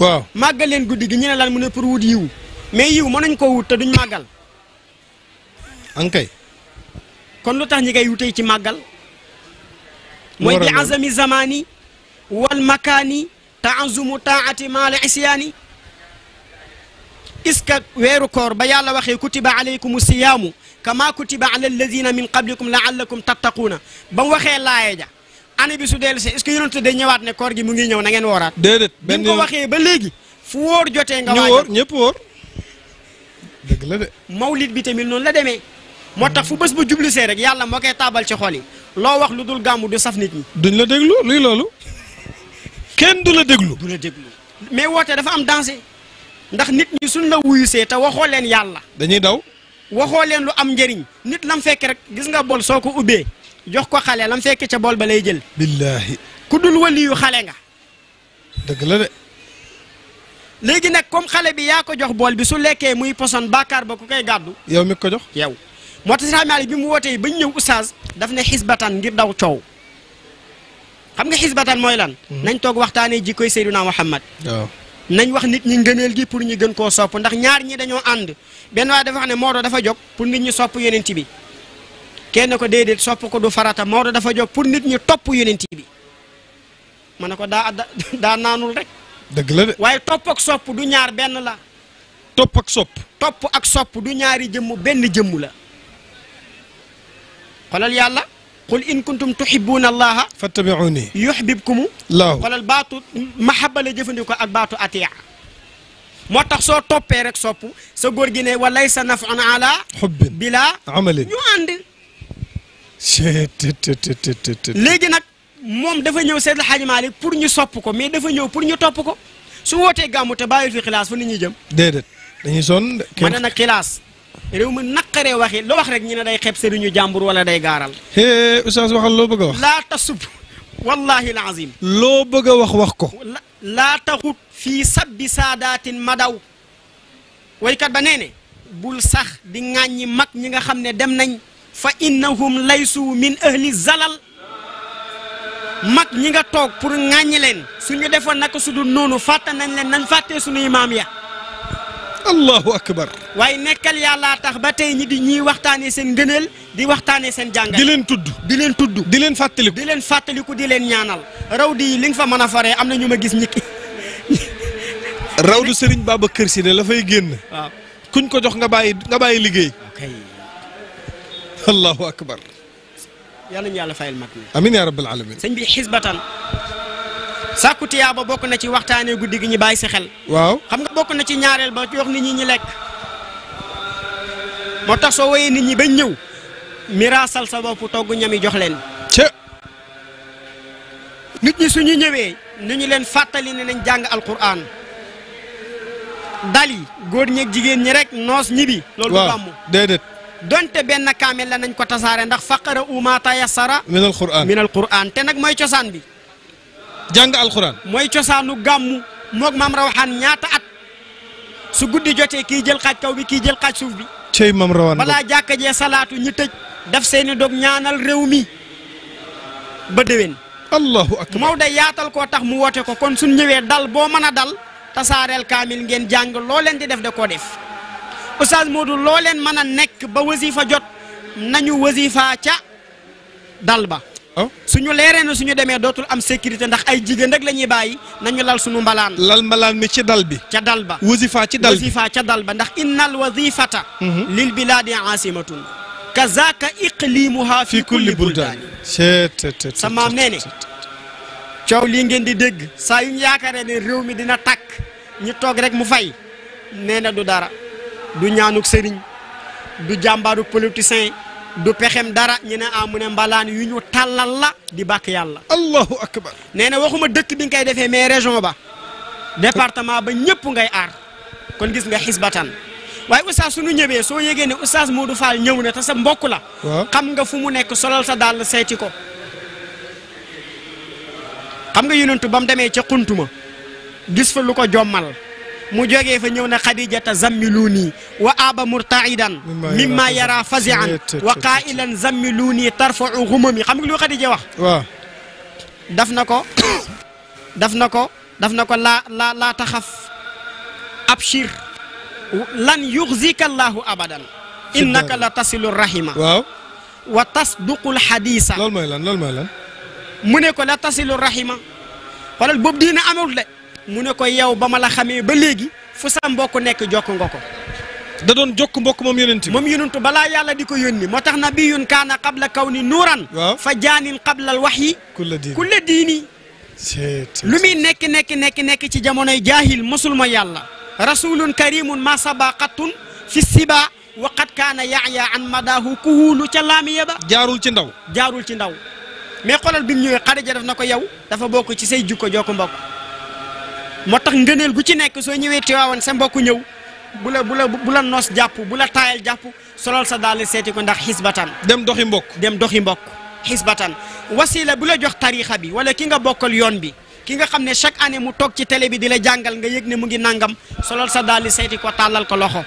waaw màggal leen guddi gi ñu ne lan mu ne pour wut yiw mais yiw mënañ koo wut te duñ màggal ankay kon lu ci màggal mooy bi azami zamani wal makaani taazumu taati maala isyaani est-ce que weeru koor ba yàlla waxee kutiba alaykum siyaamu kama kutiba ala alladina min qablikum laallakum tattaquuna ba mu waxee laaya bi su dellu see est-ce que yonent day koor gi mu ngi ñëw waxee ba léegi fu wóor jotee nga waajal ñëpp wóor dëgg la de mawlid bi tamit noonu la demee moo tax fu bés ba jublisee rek yàlla moo koy taabal ci xol yi loo wax lu dul gàmmu du saf nit ñi duñ la déglu luy loolu kenn du la déglu du mais woote dafa am danger ndax nit ñi suñ la wuyusee te waxoo leen yàlla. dañuy daw. waxoo leen lu am njëriñ nit la mu fekkee rek gis nga bool soo ko ubbee jox ko xale la mu fekkee ca bool ba lay jël. billaahi. ku dul waliyu xale nga. dëgg la de. léegi nag comme xale bi yaa ko jox bool bi su lekkee muy poson bàkkaar ba ku koy gàddu. yow mi ko jox yow. moo tax si bi mu wootee ba ñëw oustaz daf ne xisbatan ngir daw coow xam nga xisbatan mooy lan. Hmm. nañ toog waxtaanee jikkoy Seydina Muhammad. waaw. nañ wax nit ñi ngëneel gi pour ñu gën koo sopp ndax ñaar ñi dañoo ànd benn waaye dafa wax ne Maodo dafa jóg pour nit ñi sopp yonent bi kenn ko déedéet sopp ko du farata Maodo dafa jóg pour nit ñi topp yonent bi ma ne ko daa daa naanul rek. dëgg la de waaye topp ak sopp du ñaar benn la. topp ak sopp. topp ak sopp du ñaari jëmm benn jëmm la xoolal yàlla. qul in kuntum tuhibbuuna allaha fattabi'uuni yuhbibkumu laahu xoolal baatu mahabba la jëfandikoo ak baatu atia moo tax soo toppee rek sopp sa góor gi ne wa laysa naf'un ala hubbin bila amalin ñu ànd léegi nag moom dafa ñëw Seydil Hadji Malick pour ñu sopp ko mais dafa ñëw pour ñu topp ko su wootee gàmmu te bàyyil fi xilaas fu nit ñi jëm déedéet dañuy sonn ma ne nag xilaas réew ma naqaree waxi loo wax rek ñu ne day xeeb sëriñu jàmbur wala day gaaral. hee oustaz waxal loo bëgg a wax. laa tasub wallaahi alazim. loo bëgg a wax wax ko. laa taxut fii sabbi saadaatin madaw waykat ba nee ne bul sax di ŋàññi mag ñi nga xam ne dem nañ fa innahum laysu min ahli zalal mag ñi nga toog pour ŋàññi leen suñu defoon naka su noonu fàtte nañ leen nañ fàttee suñuy maam ya allahu akbar waaye nekkal yàllaa tax ba tey ñi di ñuy waxtaane seen ngëneel di waxtaanee seen jàngal di leen tudd di leen tudd di leen fàttaliku di leen fàttaliku di leen ñaanal raw di li nga fa man a faree am na ñu ma gis ñikki raw du sëriñ kër Si de la fay génn waaw kuñ ko jox nga bàyyi nga bàyyi liggéey allahu akbar yàlla ñu yàlla alamin sëñ bi xisbatan sàkku ba bokk na ci waxtaanee guddi gi ñu bàyyi si xel. waaw xam nga bokk na ci ñaareel ba jox nit ñi ñu lekk. moo tax soo woyee nit ñi bañ ñëw miraasal sa bopp togg ñami jox leen. nit ñi suñu ñëwee nu ñu leen fàttali ne nañ jàng alquran dali góor ñeeg jigéen ñi rek noos ñibi loolu du bàmm déedéet donte benn kaamel la nañ ko tasaare ndax faqara uma tayassara min alquran min alquran te nag mooy cosaan bi jàng alxuraan. mooy cosaanu gàmmu moog maam rawaxaan ñaata at su guddi jotee kii jël xaaj kaw bi kii jël suuf bi. cey maam rawaan balaa jàkka jee salaatu ñi tëj daf seeni dog ñaanal réew mi ba déwén. allahu akbar Maodo yaatal koo tax mu woote ko kon suñ ñëwee dal boo mën a dal tasaareel kaamil ngeen jàng loo leen di def da koo def Oustaz moodu loo leen mën a nekk ba wasifa jot nañu wasifa ca dal ba. Oh. suñu leeree na ñu demee dootul am sécurité ndax ay jigéen rek la ñuy bàyyi nañu lal su ñu mbalaan lal mbalaan mi ci dal bi ca dal ba wasifa ci dal wasifa ca dal ba ndax innal wasifata mhm. lil biladi asimatun kazaka iqlimuha fi kulli buldaani sa maam nee ne coow lii ngeen di dégg sa yu ñu yaakaaree ne réew mi dina takk ñu toog rek mu fay nee na du dara du ñaanuk sëriñ du jàmbaaruk politicien du pexem dara ñu ne ah mu ne mbalaan yu ñu tàllal la di bàkk yàlla. allahu akbar nee na waxuma dëkk bi nga koy defee mais région ba département ba ñëpp ngay aar kon gis nga xisbatan waaye oustaz su ñu ñëwee soo yëgee ne oustaz Modou Fall ñëw na te sa mbokk la. xam nga fu mu nekk solal sa dàll seeti ko. xam nga yonentu ba mu demee ca xuntuma gis fa lu ko jommal. mu jógee fa ñëw na xadijata zammiluni wa aba murtaidan mimma yara fazian wa qailan zammiluni tarfau xumami xam nga lu xadija wax waaw daf na ko daf na ko daf na ko laa laa laa taxaf abshir lan yuxzika allahu abadan innaka la tasilu rahima waaw wa tasduqul xadisa loolu mooy lan loolu mooy lan mu ne ko la tasilu rahima xoolal boobu diina amul de mu ne ko yow ba ma la xamee ba léegi fu sa mbokk nekk jokk nga ko da jokk mbokk moom yonent moom yonent balaa yàlla di ko yónni moo tax nabiyun kaana qabla kawni nuuran fa jaanin qabla al waxyi kulla diini lu muy nekk nekk nekk nekk ci jamonoy jaahil mosul ma yàlla rasulun karimun ma sabaqatun fi siba waqad kaana yaaya an madaahu kuhuulu ca laamiya ba jaarul ci ndaw jaarul ci ndaw mais xoolal bi mu ñëwee xarija def na ko yow dafa bokk ci say jukko jokk mbokk moo tax ngëneel gu ci nekk soo ñëwee Tiwaawan sa mbokku ñëw bu la bu la bu la noos jàpp bu la taayal jàpp solol sa daal seeti ko ndax xisbatan dem doxi mbokk dem doxi mbokk xisbatan wasila bu la jox tarixa bi wala ki nga bokkal yoon bi ki nga xam ne chaque année mu toog ci télé bi di la jàngal nga yëg ne mu ngi nangam solol sa daal seeti ko tàllal ko loxo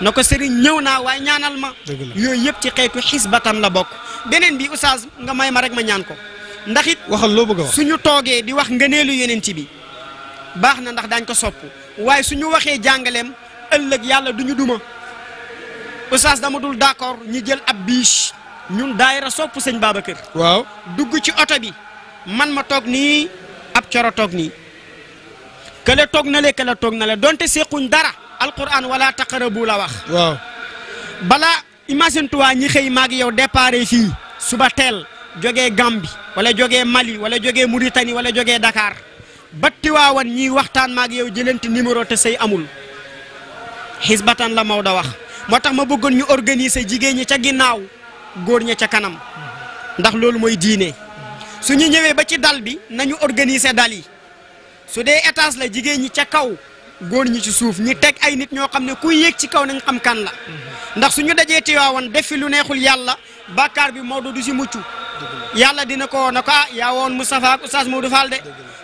na ko sëriñ ñëw naa waaye ñaanal ma yooyu yëpp ci xeetu xisbatan la bokk beneen bi oustaz nga may ma rek ma ñaan ko ndax it waxal loo bëgg a wax toogee di wax ngëneelu yonent bi baax na ndax daañ ko sopp waaye su ñu waxee jàngaleem ëllëg yàlla duñu duma oustaz dama dul d'accord ñi jël ab biche ñun daayira sopp sëñ Babacar waaw dugg ci oto bi man ma toog nii ab coro toog nii kële toog na le kële toog na le donte sequñ dara alquran wala taqarabu la wax bala balaa imagine toi ñi xëy maag yow départ fii suba teel jógee Gambie wala jógee Mali wala jógee Mauritanie wala jógee dakaar ba tiwaawan ñiy waxtaan maag yow jëlanti numéro te say amul xisbatan la Maodo wax moo tax ma bëggoon ñu organiser jigéen ñi ca ginnaaw góor ña ca kanam ndax loolu mooy diine su ñu ñëwee ba ci dal bi nañu organiser dal yi su dee étage la jigéen ñi ca kaw góor ñi ci suuf ñi teg ay nit ñoo xam ne ku yéeg ci kaw nañ xam kan la ndax su ñu dajee Tiwaawan def fi lu neexul yàlla bàkkaar bi Maodo du si mucc yàlla dina ko na ko aa ah, yaa woon Moustapha ak Oustaz Maodo Fall de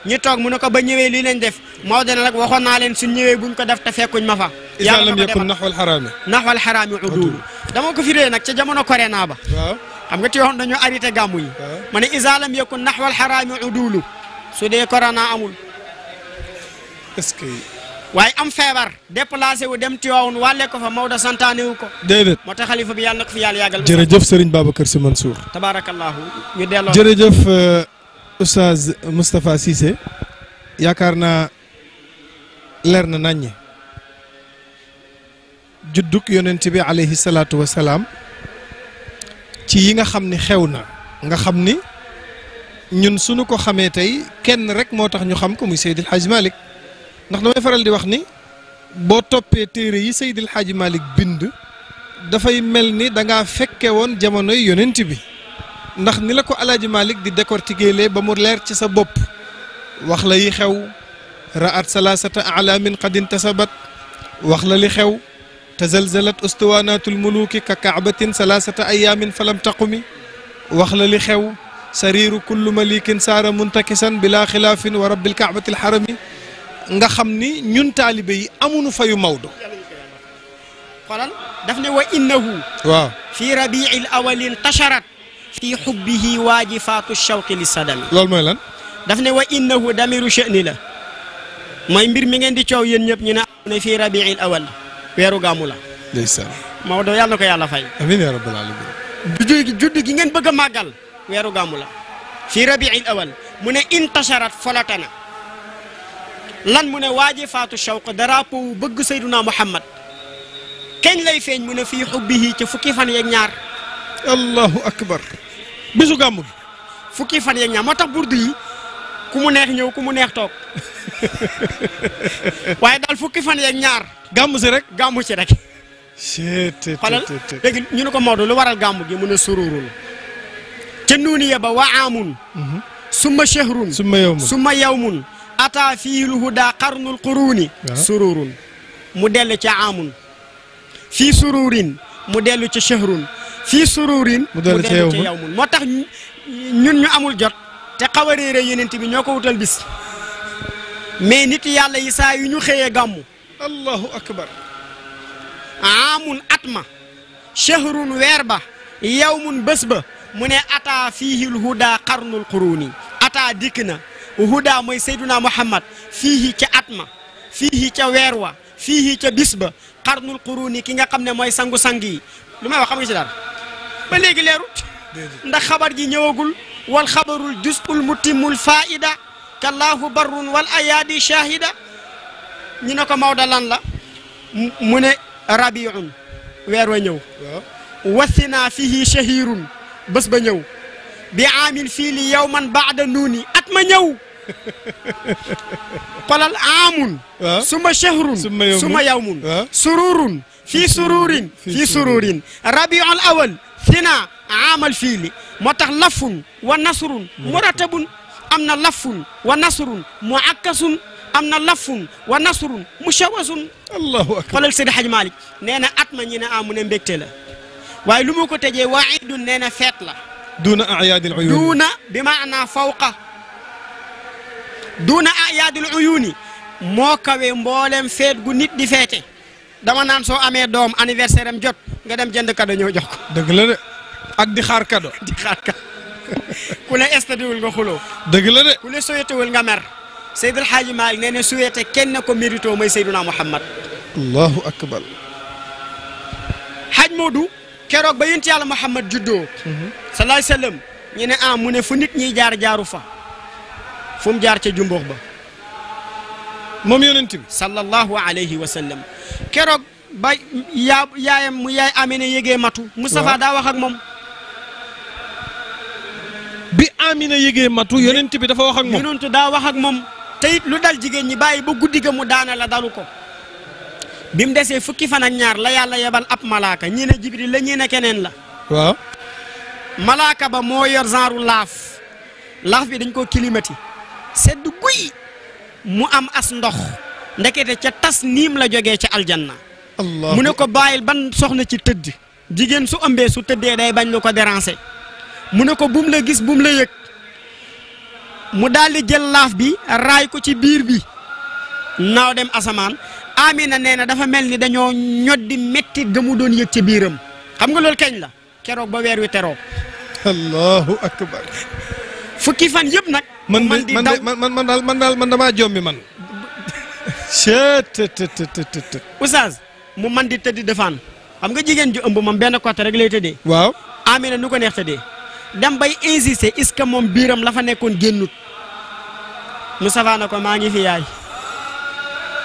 ñu toog mu ne ko ba ñëwee lii lañ def Maodo nag waxoon naa leen suñ ñëwee buñ ko def te fekkuñ ma fa yàlla lam yakun naxwal xaraami naxwal xaraami uduulu dama ko firee nag ca jamono corona ba waaw xam nga Tiwaawan dañoo arrêté gàmmu yi ma ne isa lam yakun naxwal xaraami uduulu su dee corona amul est-ce waaye am feebar déplacé wu dem Tiwaawoon wàlle ko fa Maodo santaane wu ko. déedéet moo tax xalifa bi yàlla na ko fi yàlla yàggal. jërëjëf Serigne Babacar Sy Mansour. tabaarakallaahu ñu delloo. jërëjëf euh, Oustaz Moustapha Cissé yaakaar na leer na naññe juddug yonent bi aleyhi salaatu wa salaam ci yi nga xam ni xew na nga xam ni ñun sunu ko xamee tey kenn rek moo tax ñu xam ko muy Seydil Hadj Malick ndax damay faral di wax ni boo toppee téere yi Seydil Hadji malik bind dafay mel ni danga ngaa fekke woon jamonoy yonent bi ndax ni la ko Alaaji Malick di décortiquer lee ba mu leer ci sa bopp wax la yi xew ra'at salaasata alaamin qad intasabat wax la li xew tazalzalat ustuwaanatul muluuki ka kaabatin salaasata ayaamin falam taqumi wax la li xew sariiru kullu malikin saara muntakisan bila xilaafin wa rabbil kaabatil xarami nga xam ni ñun taalibe yi amuñu fayu Maodo. xoolal daf ne wa innahu waaw fi rabiil awalin tasharat fi xubbihi waajifaatu shawqi li sadami loolu mooy lan daf ne wa innahu damiru sha'ni la mooy mbir mi ngeen di coow yéen ñëpp ñu ne ne fii rabiil awal weeru gàmmu la ndeysaan Maodo yàlla ko yàlla fay amiin gi ngeen bëgg a màggal weeru gàmmu la fii rabiil awal mu ne intasharat folatana lan mu ne waaje faatu shawq drapeau wu bëgg sayduna muhammad keñ lay feeñ mu ne fii xubbihi ca fukki fan yeeg ñaar allahu akbar bisu gàmmu gi fukki fan yeeg ñaar moo tax burdu yi ku mu neex ñëw ku mu neex toog waaye daal fukki fan yeeg ñaar gàmmu si rek gàmmu si rek xolal léegi ñu ne ko Maodo lu waral gàmmu gi mu ne sururun ca nuuniya ba wa amun summa shahrun summa yawmun ataa fiihil huda qarnul quruuni ah. sururun mu ca aamun fii sururin mu dellu ca shahrun fii sururin mu moo tax ñun ñu amul jot te xaw a réere yenent bi ñoo ko wutal bis mais nit yàlla yi saa yu ñu xëyee gàmmu allahu akbar aamun at shahrun weer ba yawmun bés ba mu ne ataa fiihil huda qarnul quruuni ataa dikk na huda mooy sayduna muhammad fiihi ca at ma fiihi ca weer wa fiihi ca bis ba xarnul quruni ki nga xam ne mooy sangu-sang yi lu may wax xam nga ci dara ba léegi leerut ndax xabar gi ñëwagul wal xabarul jusul mutimul faida kallaahu barrun wal ayaadi shahida ñu ne ko Maodo la mu ne rabiun weer wa ñëw wasina fihi shahirun bés ba ñëw bi aamil fii li yowman baada nuuni at ma xolal aamun. waaw suma shahrun. suma yawmun suma yawmun. sururun fii sururin. fii sururin rabiul awal. fina aamal fiili moo tax lafun wa nasrun muratabun am na lafun wa nasrun muakkasun am na lafun wa nasrun mushawasun. allahu akbar xolal Seydi Hadj Malick nee na at ma ñu ne amu ne mbégte la waaye lu mu ko tëjee waa idun nee na feet la. duuna ayaadil uyuun duuna bi maanaa fawqa. a ayaadul uyuuni moo kawe mboolem feet gu nit di feete dama naan soo amee doom anniversaire am jot nga dem jënd kado ñëw jox ko. dëgg la de ak di xaar kado. ku ne estadiwul nga xuloo. dëgg la de ku ne suyetewul nga mer. Seydou El Hadj Malick nee na suyete kenn ko mérito mooy Seydouna Muhammad. allahu akbar. Hadj Modou. keroog ba yonent yàlla Muhammad juddoo. Mhm. salaay sallam ñu ne ah mu ne fu nit ñiy jaar jaaru fa. fu jaar ca jumboox ba moom yonent bi sallallahu alayhi wa keroog ba yaayam mu yaay Amina yëgee matu Moustapha daa wax ak moom bi Amina yëgee matu yonent bi dafa wax ak moom yonent wax ak moom te lu dal jigéen ñi bàyyi ba guddi mu daana la dalu ko bi mu desee fukki fan ak ñaar la yàlla yebal ab malaaka ñii ne Jibril la ñii ne keneen la waaw malaaka ba moo yor genre laaf laaf bi dañ ko kilimati sedd guy mu am as ndox ndekete ca tas niim la jógee ca aljanna mu ne ko bàyyil ban soxna ci tëdd jigéen su ëmbee su tëddee day bañ lu ko déranger mu ne ko bum la gis bum la yëg mu daldi jël laaf bi raay ko ci biir bi naaw dem asamaan Amina nee na dafa mel ni dañoo ñoddi métti ga mu doon yëg ca biiram xam nga loolu kañ la keroog ba weer wi teroo allahu fukki fan yëpp nag. man man di daw man man daal man daal man damaa jommi man. cheetetetetetet. oustaz mu man di tëddi defaan xam nga jigéen ju ëmb moom benn côté rek lay tëddee. waaw Amina nu ko neex tëddee. dem bay insister est-ce que moom biiram la fa nekkoon génnut. mu na ko maa ngi fi yaay.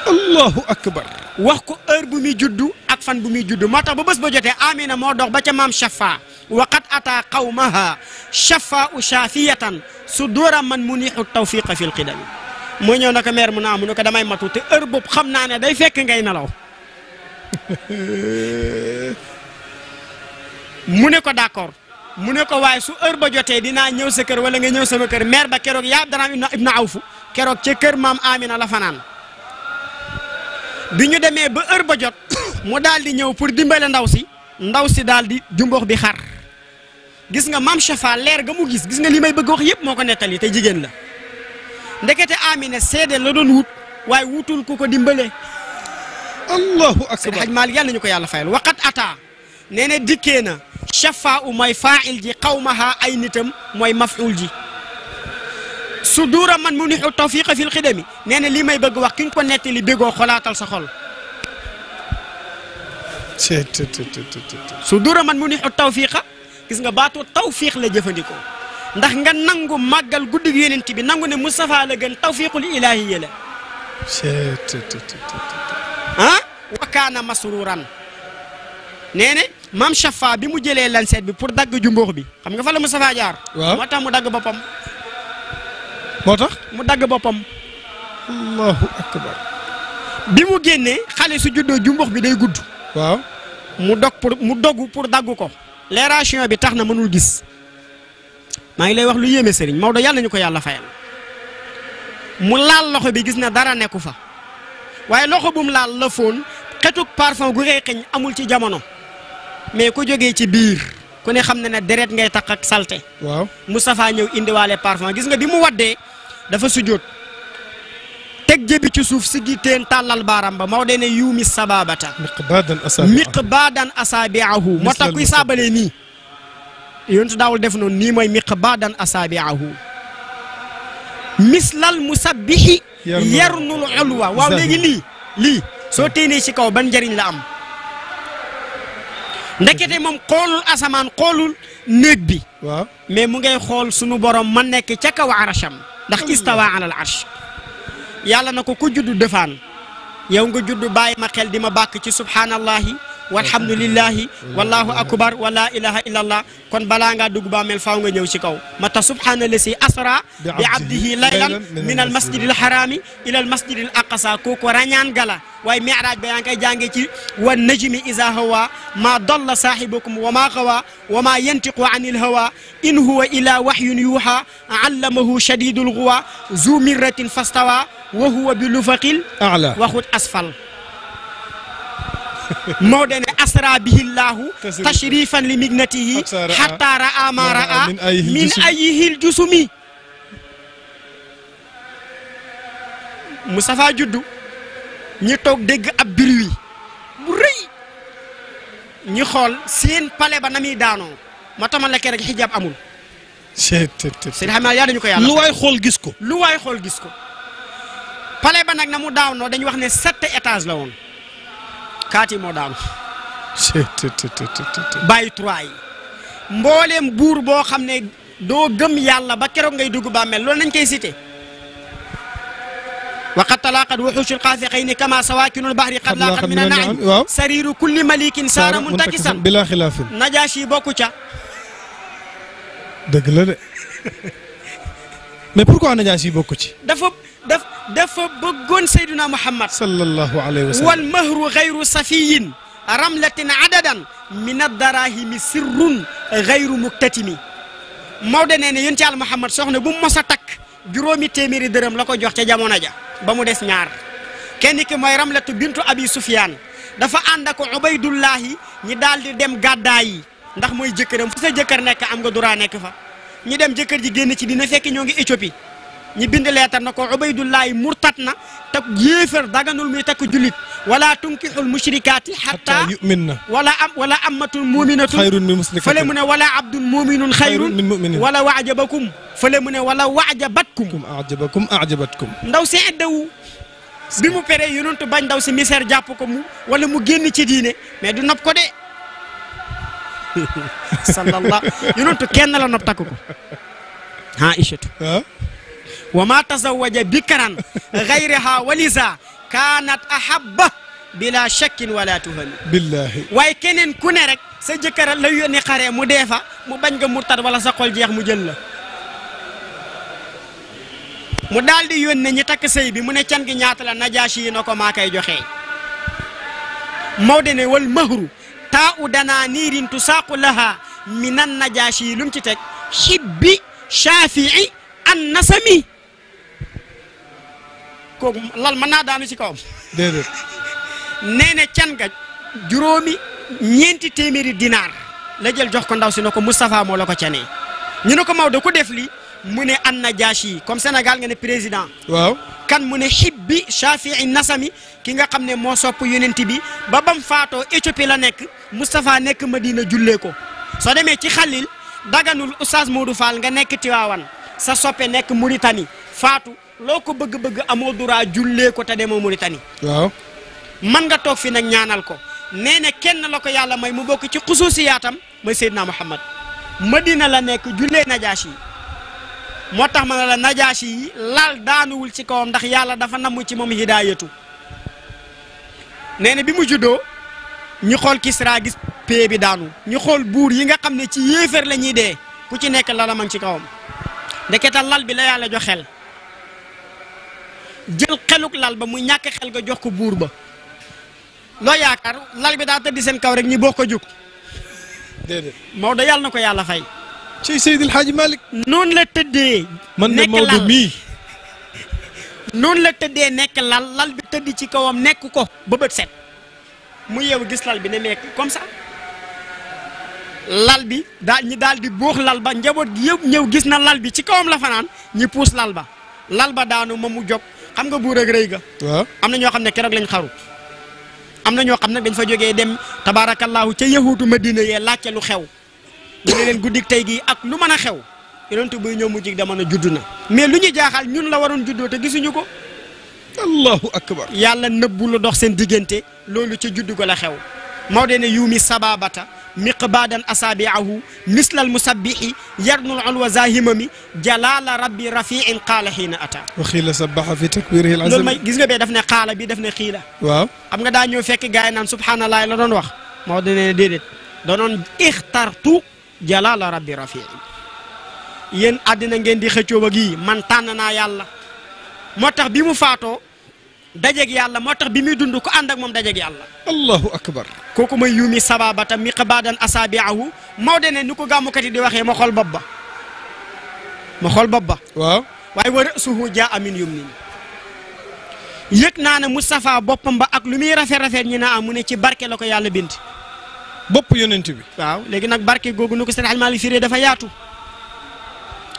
allahu akbar. wax ko heure bu muy juddu ak fan bu muy juddu moo tax ba bés ba jotee amina moo dox ba ca maam Chafa waqad ata qawmaha Chafa u shafiyatan su dóora man mu nixu tawfiqa fil qidami moo ñëw na ko meer mu naa mu na ko damay matu te heure boobu xam naa day fekk ngay nelaw mu ne ko d'accord mu ne ko waaye su heure ba jotee dinaa ñëw sa kër wala nga ñëw sama kër meer ba keroog yaa danaam ibna awfu keroog ca kër maam amina la fanaan bi ñu demee ba heure ba jot mu daal di ñëw pour dimbale ndaw si ndaw si daal di jumbox bi xar gis nga maam Chafa leer ga mu gis gis nga li may bëgg wax yëpp moo ko nettali te jigéen la ndekete Amina seede la doon wut waaye wutul ku ko dimbale. allahu akbar xaj maal yàlla ñu ko yàlla fayal waqat ata nee na dikkee na Chafa u mooy faa'il ji xaw ma ay nitam mooy maf'ul ji. su duura man mu ni tawfiqa fil xidami nee na lii may bëgg wax ki ñu ko netti li bégoo xolaatal sa xol su duura man mu ni tawfiqa gis nga baatu tawfiq la jëfandikoo ndax nga nangu màggal guddig yonent bi nangu ne Moustapha la gën tawfiqul ilaahi la ah wakaana masruran nee ne maam Chafa bi mu jëlee lanseet bi pour dagg jumboox bi xam nga fa la Moustapha jaar moo tax mu dagg boppam moo tax mu dagg boppam. allahu bi mu génnee xale su juddoo jumbox bi day gudd. mu dog pour mu dogg pour dagg ko. leeration bi tax na mënul gis maa ngi lay wax lu yéeme sëriñ Maodo yàlla nañu ko yàlla fay mu laal loxo bi gis na dara nekku fa waaye loxo bu mu laal la foon xetuk parfum gu ngay xëñ amul ci jamono mais ku jógee ci biir ku ne xam na ne deret ngay takk ak salte waaw Moustapha ñëw indiwaale parfum gis nga bi mu waddee dafa sujjóot teg jëbi ci suuf si gi teen tàllal baaram ba Maodo ne yuumi sababata miqbaadan asaabiahu moo tax kuy saabalee nii yontu daawul def noonu nii mooy baadan asaabiahu mislal musabbihi yarnul ulwa waaw léegi lii lii soo téenee ci kaw ban njëriñ la am ndekete moom xoolul asamaan xoolul néeg bi mais mu ngay xool sunu borom ma nekk ca kaw arasham ndax istawa alal arsh yàlla na ko ku judd defaan yow nga judd bàyyi ma xel di ma bàkk ci subhaanallahi walhamdulillahi wallahu akbar wala ilaha illallah kon balaa ngaa dugg bàmmeel faaw nga ñëw ci kaw mata subhaana lasi asra bi abdihi laylan min al masjid al harami ila al masjid al aqsa kooku rañaan gala waaye miraaj ba yaa ngi koy jàngee ci wa najmi iza hawa ma dalla saahibukum wa ma xawa wa ma yantiqu an il hawa in huwa ila wahyun yuha allamahu shadidul quwa zu mirratin fastawa wa huwa bi lufaqil ala waxut asfal moo de ne asra bihillaahu tashrifan li mignatihi hatta ra'a ma ra'a min ayyihil jusumi Moustapha juddu ñi toog dégg ab bruit bu rëy ñi xool seen pale ba na muy daanoo ma tamal la kee rek xijaab amul sëñ xam naa yaa dañu ko yàlla lu waay xool gis ko lu waay xool gis ko pale ba nag na mu daaw noo dañu wax ne set étage la woon kaati moo daanu bàyyi trois yi mbooleem buur boo xam ne doo gëm yàlla ba keroog ngay dugg bàmmeel loolu nañ koy cité waqad talaqat wuxuushul xaafiqayni kama sawaakinul bahri qad laqat min anaam waaw sariiru kulli malikin saara muntakisan bila xilaafin najaashi bokku ca dëgg la de mais pourquoi najaashi bokku ci dafa bëggoon sayduna muhammad sallallahu alayhi wa sallam wal mahru xayru safiyin ramlatin adadan min addarahimi sirrun xayru muktatimi Maodo nee na yéen ci àll muhammad soxna bu mos a takk juróomi téeméeri dërëm la ko jox ca jamono ja ba mu des ñaar kenn ki mooy ramlatu bintu abi sufyaan dafa ànd ak ubaydullahi ñi daal di dem gàddaa yi ndax mooy jëkkëram fu sa jëkkër nekk am nga duraa nekk fa ñi dem jëkkër ji génn ci dina fekk ñoo ngi Éthiopie ñi bind leetar na ko ubaydullahi murtat na te yéefar daganul muy takk jullit wala tunkixul mushrikaati xatta yumin na wala am wala ammatun muminatun xayrun min musrikatin fële mu ne wala abdun muminun xayrun min muminin wala waajabakum fële mu ne wala waajabatkum ndaw si eddawu bi mu peree yonentu bañ ndaw si misère jàpp ko mu wala mu génn ci diine mais du nopp ko de sallallahu yonentu kenn la nopp takk ko wa ma tazawaja bikran gayriha walisa kaanat ahabba bila shakkin wala tuhami billahi keneen ku ne rek sa jëkkër la yónni xare mu dee mu bañ ga murtat wala sa xol jeex mu jël la mu daal di yónne ñi takk sëy bi mu ne can gi ñaata la najaasi yi ko maakay joxe Maodo ne wal mahru taa u danaa niirin tusaaqu laha minan najaasi yi lu ci teg xibbi shafii an kooku lal mën naa daanu ci kawam. déedéet. nee na can ga juróomi ñeenti téeméeri dinaar la jël jox ko ndaw si ne ko Moustapha moo ko canee ñu ne ko Maodo ku def lii mu ne an na jaashi comme Sénégal nga ne président. waaw kan mu ne xibbi Shafii Nasami ki nga xam ne moo sopp yonent bi ba bam faatoo Éthiopie la nekk Moustapha nekk diina jullee ko soo demee ci xalil daganul Oustaz Modou Fall nga nekk Tiwaawan sa soppe nekk Mauritanie faatu. loo ko bëgg-bëgg amoo droit jullee ko te demoo Mauritanie. waaw man nga toog fi nag ñaanal ko nee na kenn la ko yàlla may mu bokk ci xusuusiyaatam mooy Seydina Muhammad Madina la nekk jullee Najaasi yi moo tax ma ne la Najaasi yi laal daanuwul ci kawam ndax yàlla dafa namm ci moom hidaayatu nee na bi mu juddoo ñu xool Kisra gis pee bi daanu ñu xool buur yi nga xam ne ci yéefar la ñuy dee ku ci nekk lalaman ci kawam ndeketa lal bi la yàlla jox xel jël xeluk lal ba mu ñàkk xel ga jox ko buur ba loo yaakaar lal bi daa tëdd seen kaw rek ñi boo ko jug déedéet Maodo yàlla na ko yàlla fay ci Seydil Hadji Malick noonu la tëddee man de Maodo mii noonu la tëddee nekk lal lal bi tëdd ci kawam nekk ko ba bët set mu yeewu gis lal bi ne nekk comme sa lal bi daal ñi daal di boox lal ba njaboot gi ñëw gis na lal bi ci kawam la fanaan ñi puus lal ba lal ba daanu ma mu jóg xam nga buur ak rëy ga waaw am na ñoo xam ne keroog lañ xaru am na ñoo xam ne dañ fa jógee dem tabaarakallaahu ca yahuutu madina yee laajte lu xew leen guddik tey gii ak lu mën a xew yonent buy ñëw mujj jamono judd na mais lu ñu jaaxal ñun la waroon juddoo te gisuñu ko allahu akbar yàlla nëbbu lu dox seen diggante loolu ca judd ko la xew moo de ne yuumi sababata miqbaadan asaabiahu mislal musabbihi yarnul ulwa zahimami jalaala rabbi rafiin qaala xiina ata wa xiila sabaxa fi takbirihi al azam loolu may gis nga bee daf ne xaala bi daf ne xiila waaw xam nga daa ñëw fekk gars yi naan subhaanallaahi la doon wax moo da nee déedéet danoon ixtartu jalaala rabbi rafiin yéen addina ngeen di xëccoo ba man tànn naa yàlla bi mu faatoo dajeeg yàlla moo tax bi muy dund ko ànd ak moom dajeeg yàlla allahu akbar kooku mooy yuumi sababata miqbaadan asaabiahu Maodo ne nu ko gàmmukat yi di waxee ma xool bopp ba ma xool bopp ba waaw waaye war a suhu jaa amin yum nin yëg naa ne Moustapha boppam ba ak lu muy rafet-rafet ñi naa mu ne ci barke la ko yàlla bind bopp yonent bi waaw léegi nag barke googu nu ko seen almaali firee dafa yaatu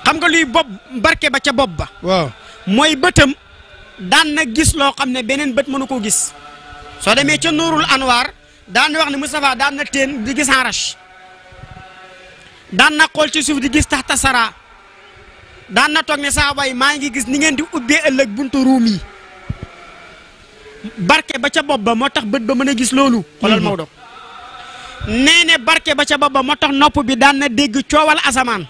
xam nga luy bopp barke ba ca bopp ba mooy bëtam daan na gis loo xam ne beneen bët mënu koo gis soo demee ca Nuurul Anwaar daan na wax ne Moustapha daan na teen di gis arash daan na xool ci suuf di gis taxta sara daan na toog ne saaba yi maa ngi gis ni ngeen di ubbee ëllëg buntu ruum yi barke ba ca bopp ba moo tax bët ba mën a gis loolu xoolal mhm. Maodo nee ne barke ba ca bopp ba moo tax nopp bi daan na dégg coowal asamaan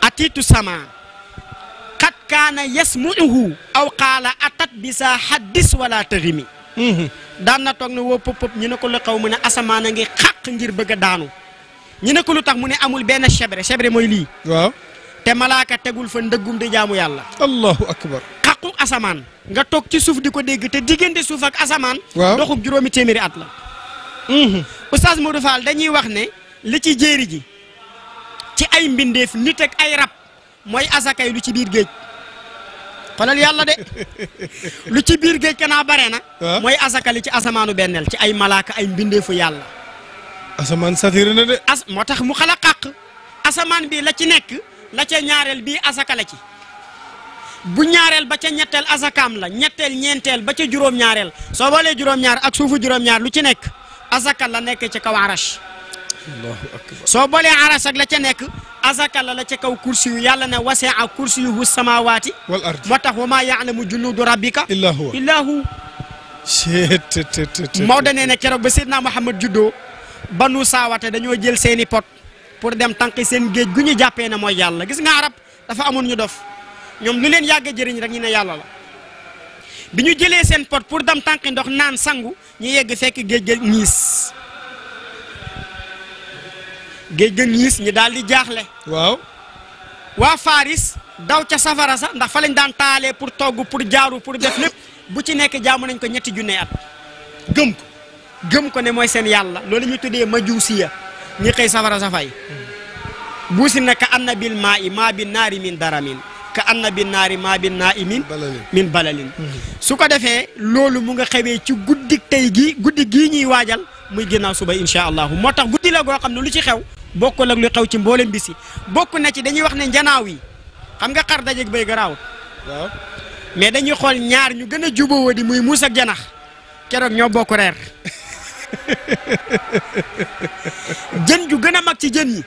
atiitu samaa kaana yasmuuhu aw qaala atat bi sa haddis wala mhm. daan na toog ne woo pop pop ñu ne ko lu xaw mu ne asamaan a ngi xàq ngir bëgg a daanu ñu ne ko lu tax mu ne amul benn chebre chebre mooy lii te malaaka tegul fa ndëggum di jaamu yàlla allahu akbar xaqu asamaan nga toog ci suuf di ko dégg te diggante suuf ak asamaan waaw doxub juróomi téeméeri at la mhm. oustaz Modou Fall dañuy wax ne li ci jéeri ji ci ay mbindeef nit ak ay rab mooy asakay lu ci biir géej xolal yàlla de lu ci biir géej kanaa bare na ah? mooy asakali ci asamaanu benneel ci ay malaaka ay mbindeefu yàlla asamaan satire na de as moo tax mu xala xàq asamaan bii la ci nekk la ca ñaareel bii asakala ci bu ñaareel ba ca ñetteel asakaam la ñetteel ñeenteel ba ca juróom-ñaareel soo boolee juróom-ñaar ak suufu juróom-ñaar lu ci nekk asaka la nekkee ci kaw arash soo boolee aras ak la ca nekk azaka la la ca kaw kursi yu yàlla ne wasia kursiyuhu samawaati wal ard moo tax wa maa yaalamu junuudu rabbika illaa hu Maodo nee na keroog ba Seydina Mouhamed juddoo banu saawate dañoo jël seeni pot pour dem tànqi seen géej gu ñu jàppee ne mooy yàlla gis nga arab dafa amoon ñu dof ñoom lu leen yàgg jëriñ rek ñu ne yàlla la bi ñu jëlee seen pot pour dem tànqi ndox naan sangu ñu yegg fekk géej ga ñiis géej ga ñiis ñi daal di jaaxle. waaw. waa Faris daw ca safara sax ndax fa lañ daan taalee pour togg pour jaaru pour def lépp bu ci nekk jaamu nañ ko ñetti junne at gëm ko gëm ko ne mooy seen yàlla loolu ñu tuddee majuusiya ñi xëy safara sa fay buusi na ka anna bil maa i maa bi naari min daramin ka anna bi naari maa bi naa i min min balalin mhm. su ko defee loolu mu nga xewee ci guddi tey gi guddi gii ñuy waajal muy ginnaaw suba incha allahu moo tax guddi la goo xam ne lu ci xew bokkul ak lu xew ci mboolem bisi bokk na ci dañuy wax ne njanaaw yi xam nga xar dajeeg bay garaawut waaw mais dañuy xool ñaar ñu gën a jubóowoo di muy muus ak janax keroog ñoo bokk reer jën ju gën a mag ci jën yi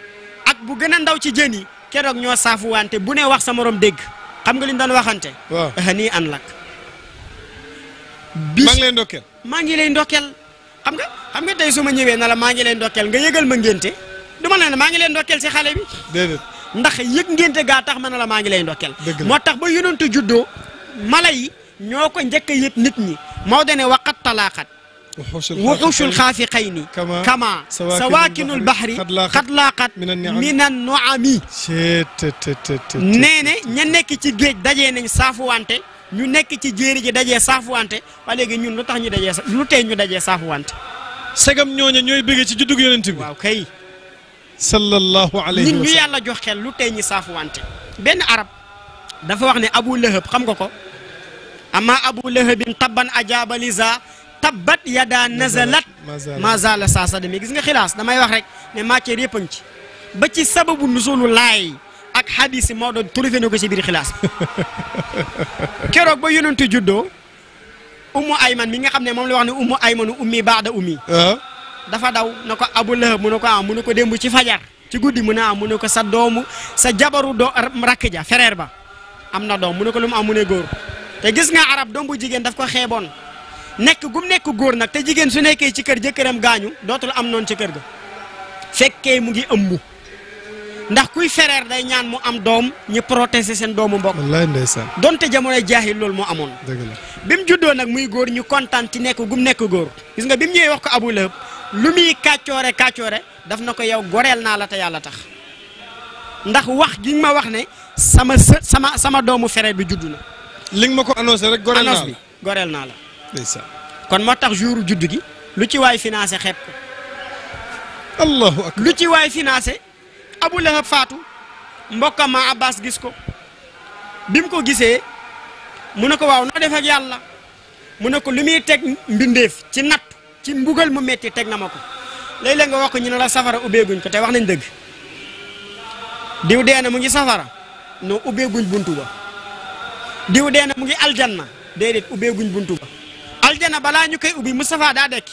ak bu gën a ndaw ci jën yi keroog ñoo saafuwante bu ne wax sa morom dégg xam nga li ñu doon waxante. ni an lakk. bis maa ngi lay ndokkeel. maa ngi lay ndokkeel xam nga xam nga tey su ma ñëwee na maa ngi lay ndokkeel nga yëgal ma ngénte du ma ne maa ngi leen ndokkeel si xale bi. ndax yëg ngénte gaa tax ma ne la maa ngi lay ndokkeel. moo tax ba yonentu juddoo mala yi ñoo ko njëkk a nit ñi Maodo ne waqat talaaxat. wuxuushul xaafiqayni kama sawaakinul baxri xat laaqat minan noami nee ne ña nekk ci géej dajee nañ saafuwante ñu nekk ci jéeri ji daje dajee wante ba léegi ñun lu tax ñu dajee lu tey ñu dajee saafuwante segam ñooña ñooy bëgg ci juddug yonent bi kay sallallahu alayhi wa nit ñu yàlla jox xel lu tey ñi wante benn arab dafa wax ne abu lahab xam nga ko ama abu lahabin tabban ajabaliza tabbat yada nazalat mazala saasa demee gis nga xilaas damay wax rek ne matière yëpp ci ba ci sababu nusulu laay ak xadis yi moo doon trouvé na ko ci biir xilaas keroog ba yonentu juddoo ummu ayman mi nga xam ne moom la wax ne ummu aymanu ummi baada ummi ah. dafa daw na ko abu lahab mu ne ko am ah, mu ne ko démb ci fajar ci guddi mu ne am ah, mu ne ko sa doomu sa jabaru doo rakk ja frère ba am na doom mu ne ko lu mu am mu ne góor te gis nga arab doom jigéen daf ko xeeboon nekk nekk góor nag te jigéen su nekkee ci kër jëkkëram gaañu dootul am noonu ci kër ga fekkee mu ngi ëmb ndax kuy fereer day ñaan mu am doom ñu protéger seen doomu mbokk wallaay ndeysaan donte jamono jaahil loolu moo amoon bi mu juddoo nag muy góor ñu kontaan ci nekk gum nekk góor gis nga bi mu ñëwee wax ko abu lahab lu muy kàccoore kàccoore daf na ko yow goreel naa la te yàlla tax ndax wax gi ma wax ne sama së sama sama doomu fere bi juddu na. li ma ko annoncé rek. goreel naa la goreel naa la. ndeysaan kon moo tax jour juddu gi lu ci waay financé xeeb lu ci waay finance Abu Lahab faatu mbokkam ma Abbas gis ko bi mu ko gisee mu ne ko waaw noo def ak yàlla mu ne ko lu muy teg mbindeef ci natt ci mbugal mu metti teg na ma ko léeg-léeg nga wax ko ñu ne la safara ubbeeguñ ko te wax nañ dëgg diw dee na mu ngi safara non ubbeeguñ buntu ba diw dee na mu ngi aljanna déedéet ubbeeguñ buntu ba aljana balaa ñu koy ubbi Moustapha daa dekk.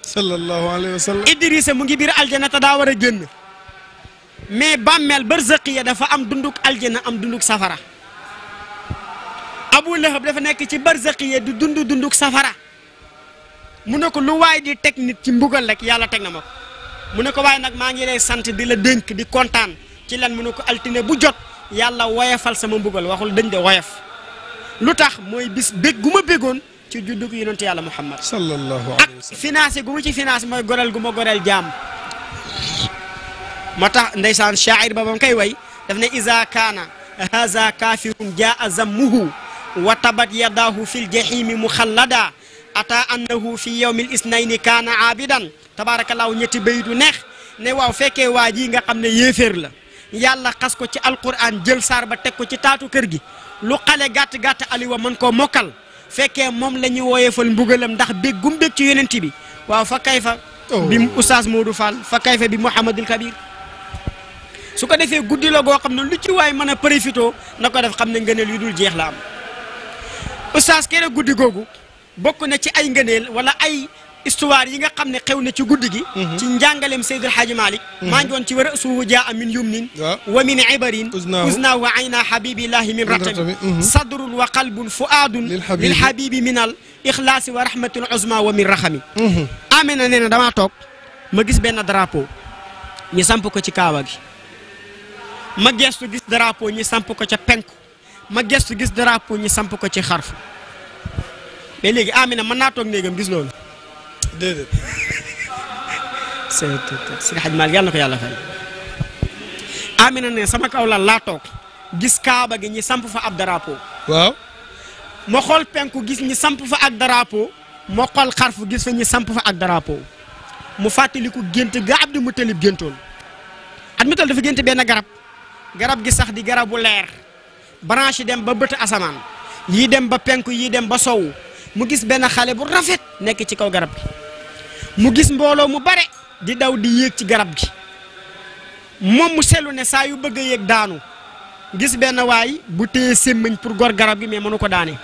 sallallahu alayhi wa sallam Idrissa mu ngi biir aljana te daa war a génn mais bàmmeel barzaq dafa am dunduk aljana am dunduk safara Abu Lahab dafa nekk ci barzaq ya du dund dunduk safara. mu ne ko lu waay di teg ci mbugal rek yàlla teg na ma mu ne ko waaye nag maa ngi lay sant di la dénk di kontaan ci lan mu ne ko altine bu jot yàlla woyafal sama mbugal waxul dañ de woyaf lu tax mooy bis bég gu ma bégoon ci juddug yonent yàlla Muhammad sallallahu alayhi wa sallam ak financé gu ma ci financé mooy goreel gu ma goreel jaam moo tax ndeysaan shaa'ir ba bam koy way daf ne iza kaana haza kaafirun jaa zammuhu wa tabat yadaahu fil jahimi muxallada ata annahu fi yawmil isnayni kaana aabidan tabaarakallaahu ñetti béy du neex ne waaw fekkee waa ji nga xam ne yéeféer la yàlla xas ko ci alquran jël saar ba teg ko ci taatu kër gi lu xale gàtt gàtt aliwa mën koo mokkal fekke moom la ñu wooyeefal mbugalam ndax bég gum bég ci yonent bi waaw fa kayfa oh. bi oustaz Modou Fall fa kayfa bi Mouhamadul Kabir su ko defee guddi la goo xam ne lu ci waay mën a profité na ko def xam ne ngëneel yu dul jeex la am oustaz guddi googu bokk na ci ay ngëneel wala ay histoire yi nga xam ne xew na ci guddi gi mhm. ci njàngaleem Seydil Hadji Malick mhm. maa ngi woon ci war a suuhu jaa min yumnin wa min ibarin usna wa ayna habibillahi min ratami mhm. sadrun wa qalbun fuaadun lil habibi min al ikhlaasi wa rahmatul uzma wa min rahami amee na nee na damaa toog ma gis benn drapeau ñi samp ko ci kaawa gi ma gestu gis drapeau ñi samp ko ca penk ma gestu gis drapeau ñi samp ko ci xarfu mais léegi Amina man naa toog néegam gis loolu déedéet Seydi Hadj Malick yàlla na ko yàlla fay Amina ne sama kaw lal laa toog gis kaaba gi ñi samp fa ab daraapo waaw ma xool penku gis ñi samp fa ak drapeau ma xool xarfu gis fa ñi samp fa ak daraapo mu fàttaliku gént ga Abdou Moutalib géntoon at Moutalib dafa gént benn garab garab gi sax di garab garabu leer branche yi dem ba bët asamaan yii dem ba penku yii dem ba sow mu gis benn xale bu rafet nekk ci kaw garab gi mu gis mbooloo mu bare di daw di yéeg ci garab gi moom mu seetlu ne saa yu bëgg a yéeg daanu gis benn waay bu téye sémmiñ pour gor garab gi mais mënu ko daane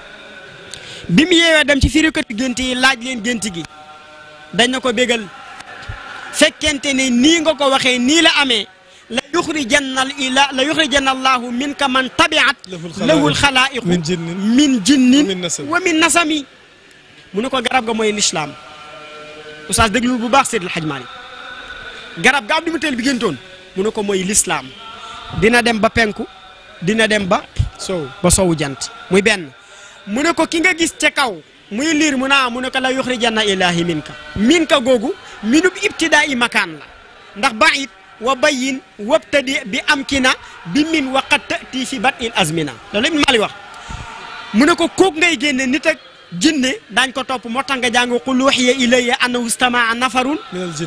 bi mu yeewee dem ci firikati gént yi laaj leen gént gi dañ na ko bégal fekkente ne nii nga ko waxee nii la amee la yuxrijanna ila la yuxrijanna allahu min ka man tabiat lahul xalaayiqu min jinnin wa min nasami mu ne ko garab ga mooy lislaam oustaz déglul bu baax Seydil Hadj Malick garab ga Abdou Mutalib bi gëntoon mu ne ko mooy lislaam dina dem ba penku dina dem ba sow ba sowu jant muy benn mu ne ko ki nga gis ca kaw muy liir mu naa ah, mu ne ko la yuxrijanna ilaahi min ka min ka googu minub ibtidaa i makaan la ndax baid wa bayin wabtadi bi amkina bi min waqat tati fi bat il azmina loolu Ibn Malik wax mu ne ko kooku ngay génne nit jinne daañ ko topp moo tax nga jàng qul uxiya ilayya annahu istamaa nafarun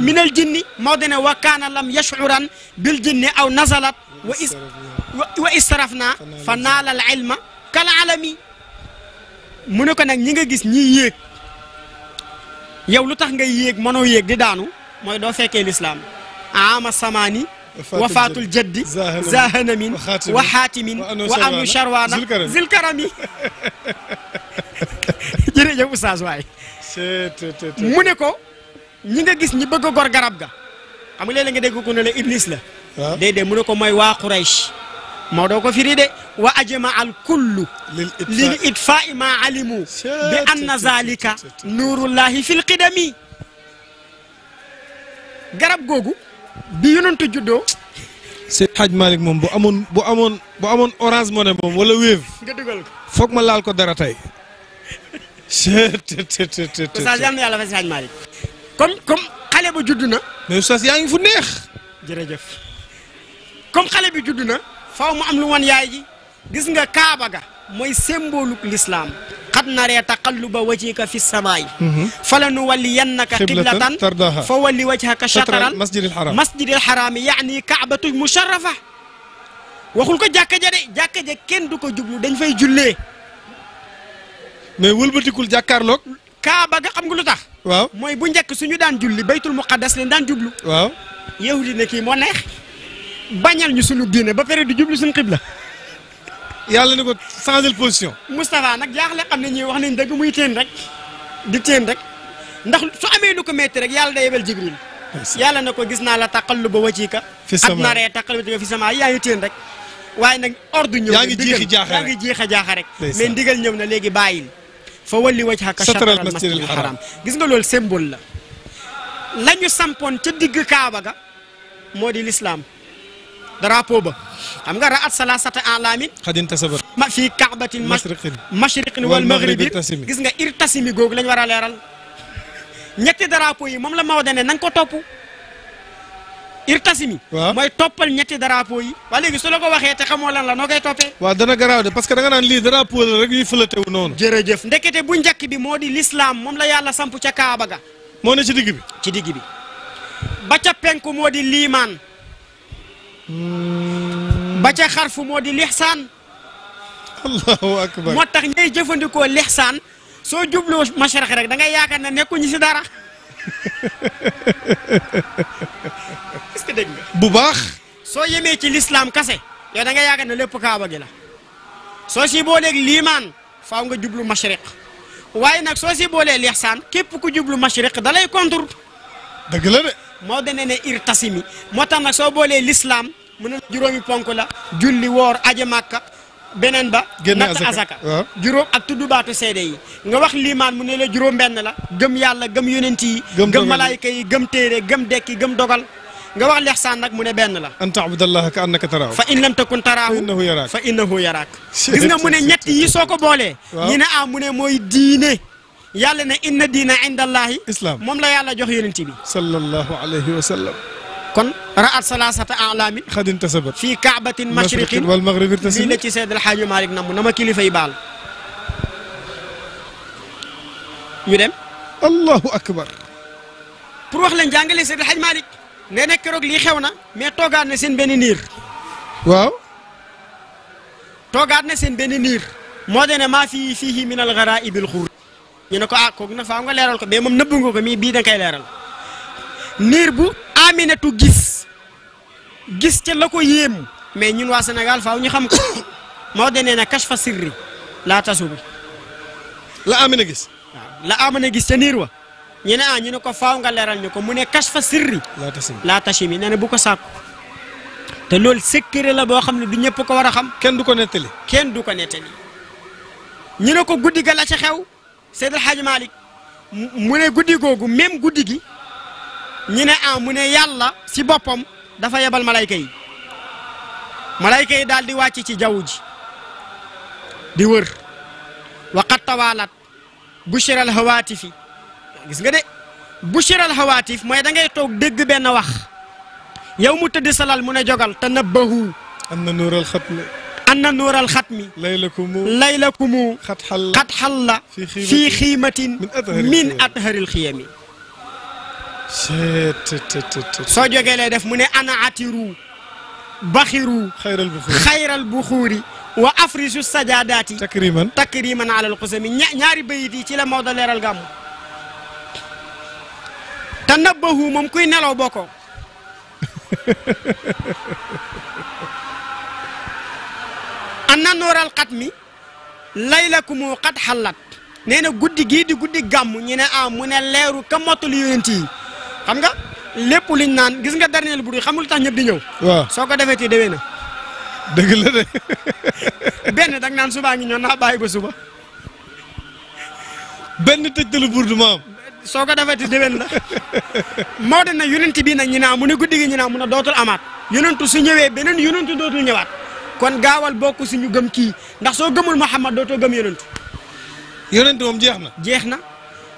min al jinni moo dene wa kaana lam yashcuran bil nazalat wa is fa naala al ilma kal alami mu ne ko nag ñi nga gis ñiy yéeg yow lu tax nga yéeg mënoo yéeg di daanu mooy doo fekkee lislaam ama samaani wafaatul jaddi zahanamin wa wa anu sharwaana zilkarami jërëjëf oustaz waay. mu ne ko ñi nga gis ñi bëgg a gor garab ga xam nga léeg-léeg nga dégg ko ne la iblis la. waaw ah. déedéet mu ne ko mooy waa Quraysh moo doo ko firi de wa ajma al kullu lil itfaa ma alimu bi anna zalika nuurullahi fil qidami garab googu bi yonentu juddoo Seydi Hadj Malick moom bu amoon bu amoon bu amoon orange money moom wala wéev nga dugal foog ma laal ko dara tey oustaz yal na yàlla fay Sëñ Malick comme comme xale ba judd na mais oustaz yaa ngi fu neex jërëjëf comme xale bi judd na faaw mu am lu wan yaay ji gis nga kaaba ga mooy symbole l'islam qad nara taqalluba wajhika fi samaa'i mhm. falanuwalliyannaka qiblatan fa walli wajhaka shatral masjidil harami yaani kaabatul musharrafa waxul ko jàkka ja de jàkka ja kenn du ko jublu dañ fay jullee mais wëlbatikul jàkkaarloog. kaaba ga xam nga lu tax. waaw mooy bu njëkk suñu daan julli baytul muqaddas leen daan jublu. waaw yahudi ne kii moo neex. bañal ñu suñu diine ba pare di si suñu xibla. yàlla ni ko changer position. Moustapha nag jaaxle xam ne ñii wax nañ dëgg muy teen rek. di rek ndax su amee lu ko métti rek yàlla day yebel jibril yàlla na ko gis naa la taqalluba wajhika. fi sama ak naree taqalluba fi sama yaa ngi teen rek. waaye nag ordre ñëw yaa ngi jeex a jaaxa rek yaa ngi jeex a jaaxa rek. mais ndigal ñëw na léegi bàyyil fa walli wajhaka shatral masjidil haram gis nga loolu symbole la la ñu sampoon ca digg Kaaba ga moo di lislaam drapeau ba xam nga raat salasata alaamin xadin tasabat ma fii kaabatin mashriqin wal maghribi gis nga irtasimi googu la lañu war a leeral ñetti drapeau yi moom la Maodo ne na ko topp irtasimi mooy toppal ñetti drapeau yi waa léegi su la ko waxee te xamoo lan la noo koy toppee waa dana garaaw de parce que da nga naan lii drapeau la rek yuy fëlate wu noonu jërëjëf ndekete bu njëkk bi moo di l'islam moom la yàlla samp ca kaaba ga moo ne ci digg bi ci digg bi ba ca penku moo di liimaan hmm. ba ca xarfu moo di lixsaan allahu akbar moo tax ñay jëfandikoo lixsaan soo jubloo masharaq rek da ngay yaakaar ne nekkuñu si dara est que dégg bu baax. soo yemee ci lislaam kase yow da nga yaakaar ne lépp kaaba gi la soo si booleeg liimaan faaw nga jublu mashriq waaye nag soo si boolee lixsaan képp ku jublu mashriq da lay contour. dëgg la de. moo dene ne irtasimi moo tax nag soo boolee lislaam mu ne juróomi ponk la julli woor aje màkka beneen ba natt asaka ah. juróom ak tudd baatu seede yi nga wax liimaan mu ne la juróom benn la gëm yàlla gëm yonent yi gëm malaayika yi gëm téere gëm dekki gëm dogal nga wax lexsaan nag mu ne benn la an taabudallaha ka annaka taraahu fa in lam takun taraahu fa inna yaraak gis nga mu ne ñett yi soo ko boolee ñu ne ah mu ne mooy diine yàlla ne inna diina inda allahi islam moom la yàlla jox yonent bi la alayhi wa sallam kon raat salaasata alaamin xadin tasabat fii kaabatin mashriqin wal maghribin lii la ci Seydi El Hadji Malick namm na ma kilifa yi baal ñu dem allahu akbar pour wax leen jàngale Seydi El Hadji Malick nee na keroog lii xew na mais toogaat na seen benn niir waaw toogaat na seen benn niir moo de ne maa fii fiihi min al garaibil xur ñu ne ko ah kooku na nga leeral ko mais moom nëbbu ko mii bii da nga leeral niir bu Aminatu gis gis ca la ko yéem mais ñun waa Sénégal faw ñu xam ko moo de nee na kashfa sirri laa tasu bi la Amina gis waaw la Amina gis ca niir wa ñu ne ah ñu ne ko faaw nga leeral ñu ko mu ne kashfa sirri laa tasu bi nee na bu ko sàkku te loolu secret la boo xam ne du ñëpp ko war a xam kenn du ko nettali kenn du ko nettali ne ko guddi ga la ca xew Seydil Hadji Malick mu ne guddi googu même guddi gi ñu ne ah mu ne yàlla si boppam dafa yebal malayka yi malayka yi daal di wàcc ci jaww ji di wër waqat tawaalat bushiral hawaatifi gis nga de bushiral hawaatif mooy dangay toog dégg benn wax yow mu tëdd salal mu ne jogal te nabbahu an na nuural xatmi an nuural xatmi laylakumu laylakumu xalla fii xiimatin min atharil xiyami soo jógee lay def mu ne ana atiru baxiru xayral buxuuri xayral buxuuri wa afrisu sajaadaati takriman takriman alal xusami ñaari bayit yi ci la Maodo leeral gàmmu te nabbahu moom kuy nelaw bokko anna nooral xat mi laylakumu xat xallat nee na guddi gii guddi gàmm ñu ne ah mu ne leeru ka mottul yonent xam nga lépp liñ naan gis nga dernier bruit xamul ta ñëpp di ñëw. waaw soo ko defee ti déwee na. dëgg la de. benn dag naan subaa ngi ñëw naa bàyyi ba suba. benn tëjtalu burdu ma am. soo ko defee ti déwén la Maodo na yonent bii na ñu naan mu ne guddi gi ñu naan mu ne dootul amaat yonentu su ñëwee beneen yonentu dootul ñëwaat kon gaawal bokk si ñu gëm kii ndax soo gëmul Muhammad dootoo gëm yonentu. yonent moom jeex na jeex na.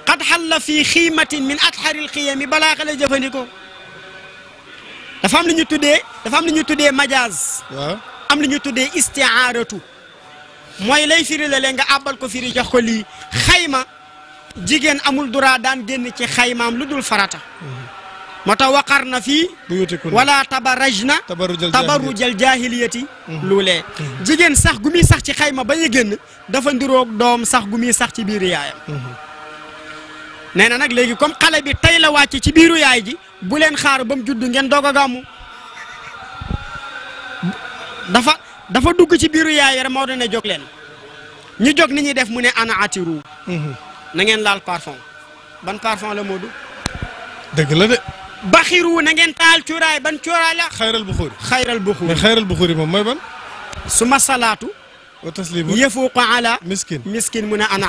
qad xalla fii xiimatin min atxaril xiyami balaa xale jëfandikoo dafa am lu ñu tuddee dafa am lu ñu tuddee majaaz am lu ñu tuddee istiaaratu mooy lay firi la leen nga àbbal ko firi jox ko lii xayma jigéen amul droit daan génn ci xaymaam lu dul farata mm-hmm. moo tax waqar na fii wala tabaraj na tabarujal jaahiliyati mm-hmm. luulee mm-hmm. jigéen sax gu muy sax ci xayma bañ a génn dafa ndiroog doom sax gu muy sax ci biir yaayam nee na nag léegi comme xale bi tey la wàcc ci biiru yaay ji bu leen xaar ba mu judd ngeen doog a gàmmu dafa dafa dugg ci biiru yaay rek Maodo ne jóg leen ñu jóg ni ñuy def mu ne ana atiru mhm. na ngeen laal parfum ban parfum la Modou. dëgg la de. baxiru na ngeen taal cuuraay ban cuuraay la. xayral bu xayral buxuuri mais xayral buxuuri moom mooy ban. su ma salaatu. wa taslimu yafuqu ala miskin miskin mu ne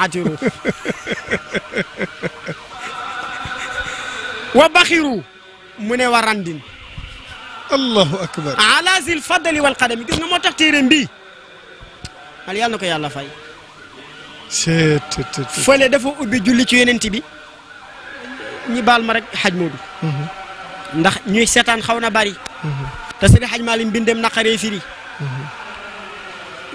wa baxiru mu ne wa randin allahu akbar ala zil fadli wal qadami gis nga moo tax téeréem bii al yàlla na ko yàlla fay fële dafa ubbi julli ci yonent bi ñi baal ma rek xaj moodu mhm. ndax ñuy seetaan xaw na bari mhm. te sëriñ xaj maalim bindem naqaree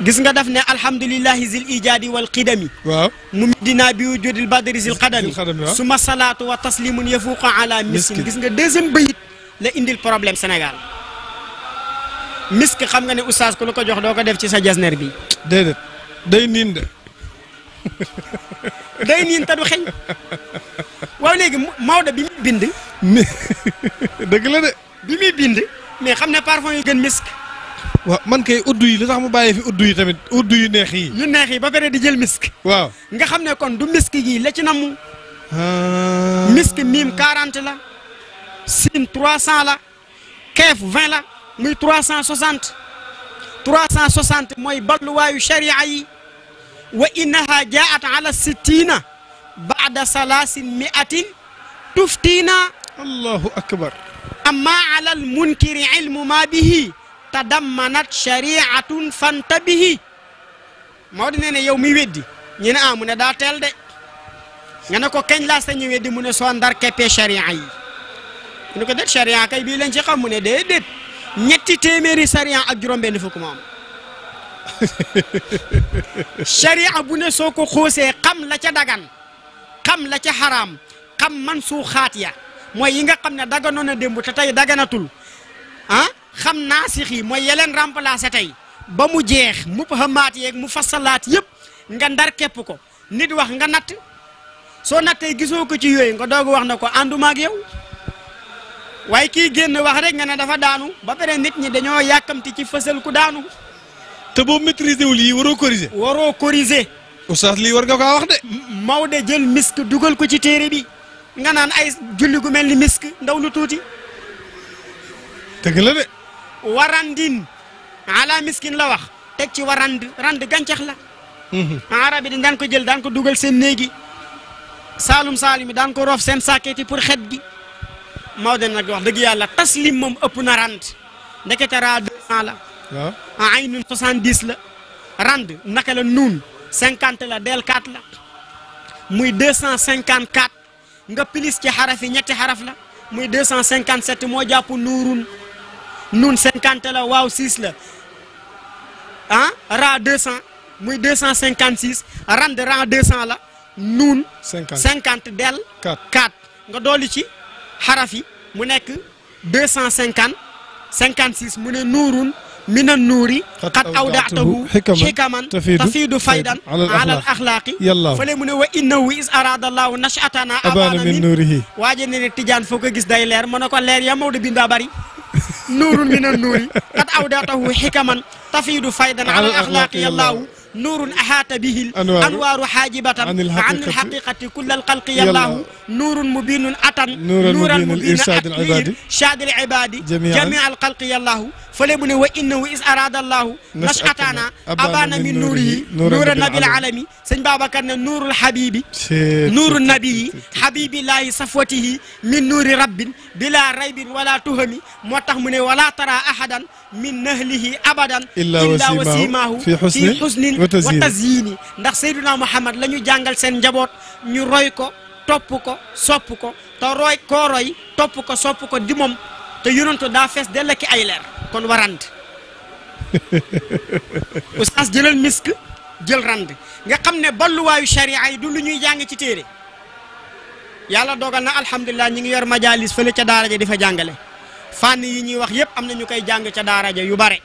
gis nga def ne alhamdulillah zil ijaadi wal qidami waaw mu dinaa bi wujudil badri zil qadami su ma salaatu wa taslimun yafuqu ala miskin gis nga deuxième bayit la indil problème Sénégal misk xam nga ne oustaz ku la ko jox doo ko def ci sa jasner bi déedéet day niin de day niin te du xeñ waaw léegi Maodo bi muy bind dëgg la de bi muy bind mais xam ne parfum yu gën misk waaw man kay uddu yi li tax mu bàyyi fi uddu yi tamit uddu yu neex yi. yu ba pare di jël misk. waaw nga xam ne kon du misk gii la ci namu. Ah. misk miim 40 la. siin 300 la. keef 20 la muy 360. 360 mooy balluwaayu sharia ay wa innaha jaat ala sittina baada salaasin miatin tuftiina allahu akbar amma ala almunkiri ilmu ma bihi tadammanat shariatun fantabihi Maodo nee na yow mi weddi ñu ne ah mu ne daa teel de nga ne ko kañ laa sañ weddi mu ne soo ndar keppee sharia yi ñu ne ko déet sharia kay bii lañ ci xam mu ne déedéet ñetti téeméeri sharia ak juróom-benn fukk moom sharia bu ne soo ko xoosee xam la ca dagan xam la ca xaraam man suuxaat ya mooy yi nga xam ne daganoon na démb te tey daganatul ah. xam naasix yi mooy yeleen remplacé tey ba mu jeex mu hamaat yeeg mu fasalaat yëpp nga ndar képp ko nit wax nga natt soo nattee gisoo ko ci yooyu nga doog wax na ko ànduma ak yow waaye kii génn wax rek nga ne dafa daanu ba pare nit ñi dañoo yàkkamti ci fësal ku daanu. te boo maîtriser wu lii waroo corriger. waroo corriger. oustaz lii war nga kaa wax de. Maodo jël misk dugal ko ci téere bi nga naan ay julli gu mel ni misk ndaw lu tuuti. dëgg de. warandin ala miskin la wax teg ci warand rand gàncax la mhm. arab yi dañ daan ko jël daan ko dugal seen néegi saalum saalum yi daan ko roof seen sàkket yi pour xet gi Maodo nag wax dëgg yàlla taslim moom ëpp na rand ndekete raa deux cent la ay nun soixante-dix la rand naka la nuun cinquante la del quatre la muy deux cent cinquante quatre nga pilis ci xaraf yi ñetti xaraf la muy deux cent cinquante sept moo jàpp nuurun nun 50 la waaw 6 la ah muy 200 muy 256 rand ran 200 la nuun 50 50 del 4 nga dolli ci xaraf mu nekk 250 56 mu ne nuurun min an nuuri qad awdaatahu xikaman tafiidu faydan a al axlaaqi yàlla fële mu ne wa innahu is araada allahu nashatana abaana min nuurihi waaje ne ne tijaan foo ko gis day leer mën na ko leer ya Maodo bindaa bari nuurun min an nuuri qad awdatahu xikaman tafiidu faydan ala al axlaaqi yallaahu nuurun ahaata bihi anwaaru xaajibatan an alxaqiqati kulla alxalqi yallaahu nuurun mubiinun atan nuuran mubiina atliin shaadil ibaadi jamii alxalqi yallaahu fële mu ne wa innahu is araada allaahu nashatana abaana min nuurihi nuura nabil alami sëñ Babacar ne nuurul habibi nuuru nabiyi habibillahi safwatihi min nuuri rabbin bila raybin wala tuhami moo tax mu ne wala tara ahadan min nahlihi abadan illa wasimaahu fi xusnin wa tazyini ndax sayduna muhammad la ñu jàngal seen njaboot ñu roy ko topp ko sopp ko te roy koo roy topp ko sopp ko di moom te yonantu daa fees della ki ay leer kon wa rand oustaz jël rand nga xam ne balluwaayu sharia yi du lu ñuy jàng ci téere yàlla dogal na alhamdulilah ñi ngi yor majalis fële ca daara ja jàngale fànn yi ñuy wax yëpp am na ñu koy jàng ca daara ja yu bare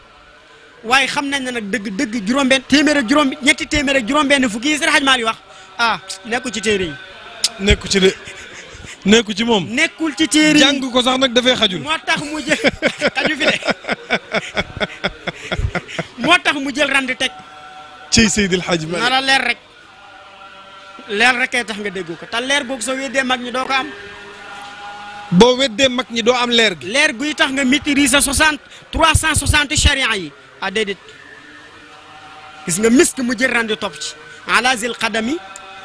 waaye xam nañ ne nag dëgg dëgg juróom-benn téeméer juróom ñetti téeméer ak juróom-benn fukki yi seen xajmaal yi wax ah nekku ci téere yi. nekku ci de nekku ci moom. nekkul ci téere yi jàng ko sax nag dafay xajul. moo tax mu jël xaju fi mu jël rand teg. cey Seydil Hadj Malick na leer rek leer rek kay tax nga dégg ko te leer googu soo weddee mag ñi doo ko am. boo weddee mag ñi doo am leer gi. leer guy tax nga maîtriser soixante trois cent soixante charia yi ah déedéet gis nga misk mu jër randi topp ci ala zil xadami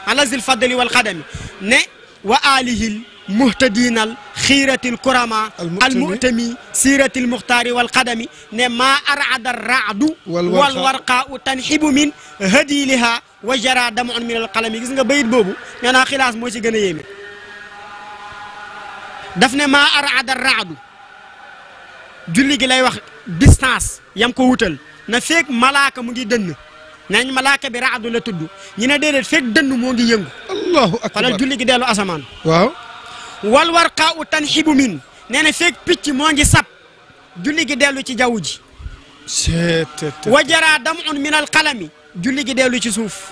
ala zil fadli wal xadami ne wa alihil muhtadinal xiiratil kurama al mutami siiratil muxtaari wal xadami ne maa arada raadu wal warqa u tanxibu min hadiliha wa jara damun min al qalami gis nga bayit boobu nee naa xilaas moo ci gën a yéeme daf ne maa araada raadu julli gi lay wax distance yam ko wutal na feeg malaaka mu ngi dënn nañ malaaka bi raadu la tudd ñu ne déedéet feeg dënn moo ngi yëngu allahu akbar xalal julli gi dellu asamaan waaw wal warqaa u tan xibu min nee na feeg picc moo ngi sab julli gi dellu ci jaww ji wa jaraa damun min al qalami julli gi dellu ci suuf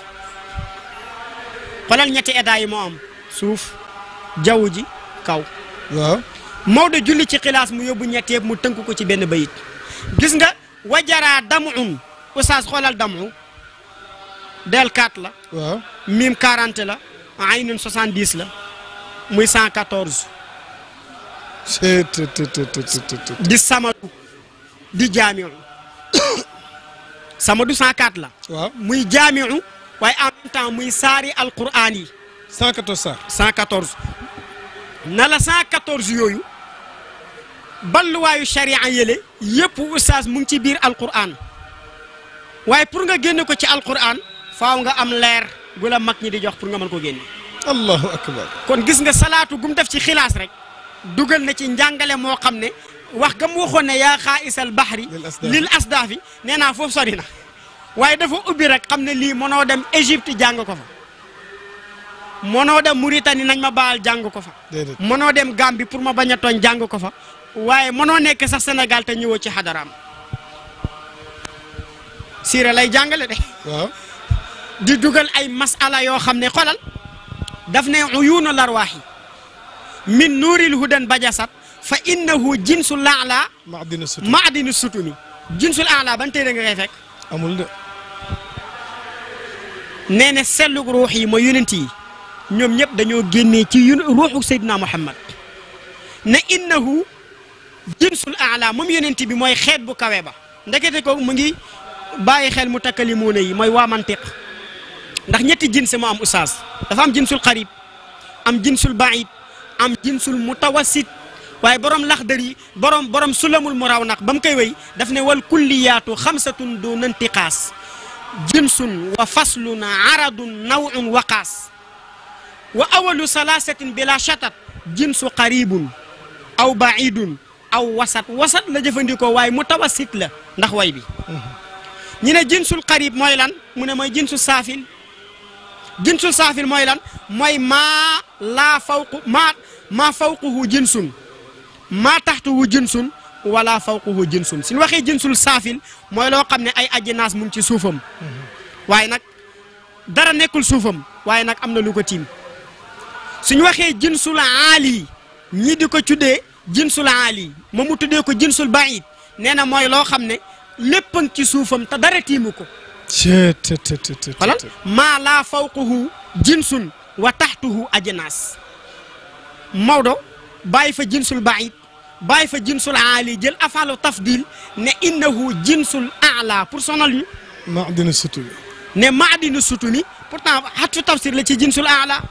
xolal ñetti yi moo am jaww ji kaw waaw Maodo julli ci xilaas mu yóbbu ñett mu tënk ko ci benn bayit gis nga wajaraa damun oustaz xoolal damu del 4 la waaw mim la aynun 70 la muy 114 di samadu di jaamiu samadu 104 la waaw muy jaamiu waaye en même temps muy saari alquran yi 114 na la 114 yooyu balluwaayu charia yële yëpp ustaas mu ngi ci biir alquran waaye pour nga génne ko ci alquran faaw nga am leer gula la mag ñi di jox pour nga mën ko génne. allahu akbar kon gis nga salaatu gum def ci xilaas rek dugal na ci njàngale moo xam ne wax ga mu waxoon ne yaa xaa'isal bahri lil asdaafi nee naa foofu sori na waaye dafa ubbi rek xam ne lii mënoo dem Égypte jàng ko fa. mënoo dem Mauritanie nañ ma baal jàng ko fa. mënoo dem Gambie pour ma bañ a tooñ jàng ko fa waaye mënoo nekk sax Sénégal te ñëwoo ci xadaraam siire lay jàngale de. waaw di ay masala yoo xam ne xolal daf ne uyuunu larwaaxi min nuuril hudan bajasat fa innahu jinsu laala. maadinu sutuni maadinu sutuni jinsu laala ban téere nga koy fekk. amul de. nee na sellug ruux yi mooy yonent yi. ñoom ñëpp dañoo génnee ci ruuxu Seydina Muhammad ne innahu jinsul aala moom yonent bi mooy xeet bu kawe ba ndekete ko mu ngi bàyyi xel mu takkalimuuna yi mooy waa mantiq ndax ñetti jins moo am ustaas dafa am jinsul xarib am jinsul baid am jinsul mutawassit waaye borom laxdar yi borom borom sulamul mu raw naq ba mu koy wéy daf ne wal kulliyaatu xamsatun duna intiqaas jinsun wa faslun aradun nawun waqaas wa awalu salaasatin bila shatat jinsu qaribun aw baidun aw wasat wasat la jëfandikoo waaye mutawasit la ndax way bi mhm. ñu ne jinsul qarib mooy lan mu ne mooy jinsu saafil jinsul saafil mooy lan mooy maa laa fawqu maa maa fawquhu jinsun maa taxtuhu jinsun wala fawquhu jinsun suñ waxee jinsul saafil mooy loo xam ne ay ajinaas mu ngi ci suufam mhm. waaye nag dara nekkul suufam waaye nag am na lu ko tiim suñ waxee jinsul aali ñii di ko tuddee jinsul aali moom mu tuddee ko jinsul baid nee na mooy loo xam ne lépp a ngi ci suufam ta dara tiimu ko. xoolal maa laa fawquhu jinsun wa taxtuhu ajnaas Maodo bàyyi fa jinsul baid bàyyi fa jinsul aali jël afaalu tafdil ne innahu jinsul aala pour sonal ñu. maadina sutuni. ne maadina ni pourtant xatu tafsir la ci jinsul aala.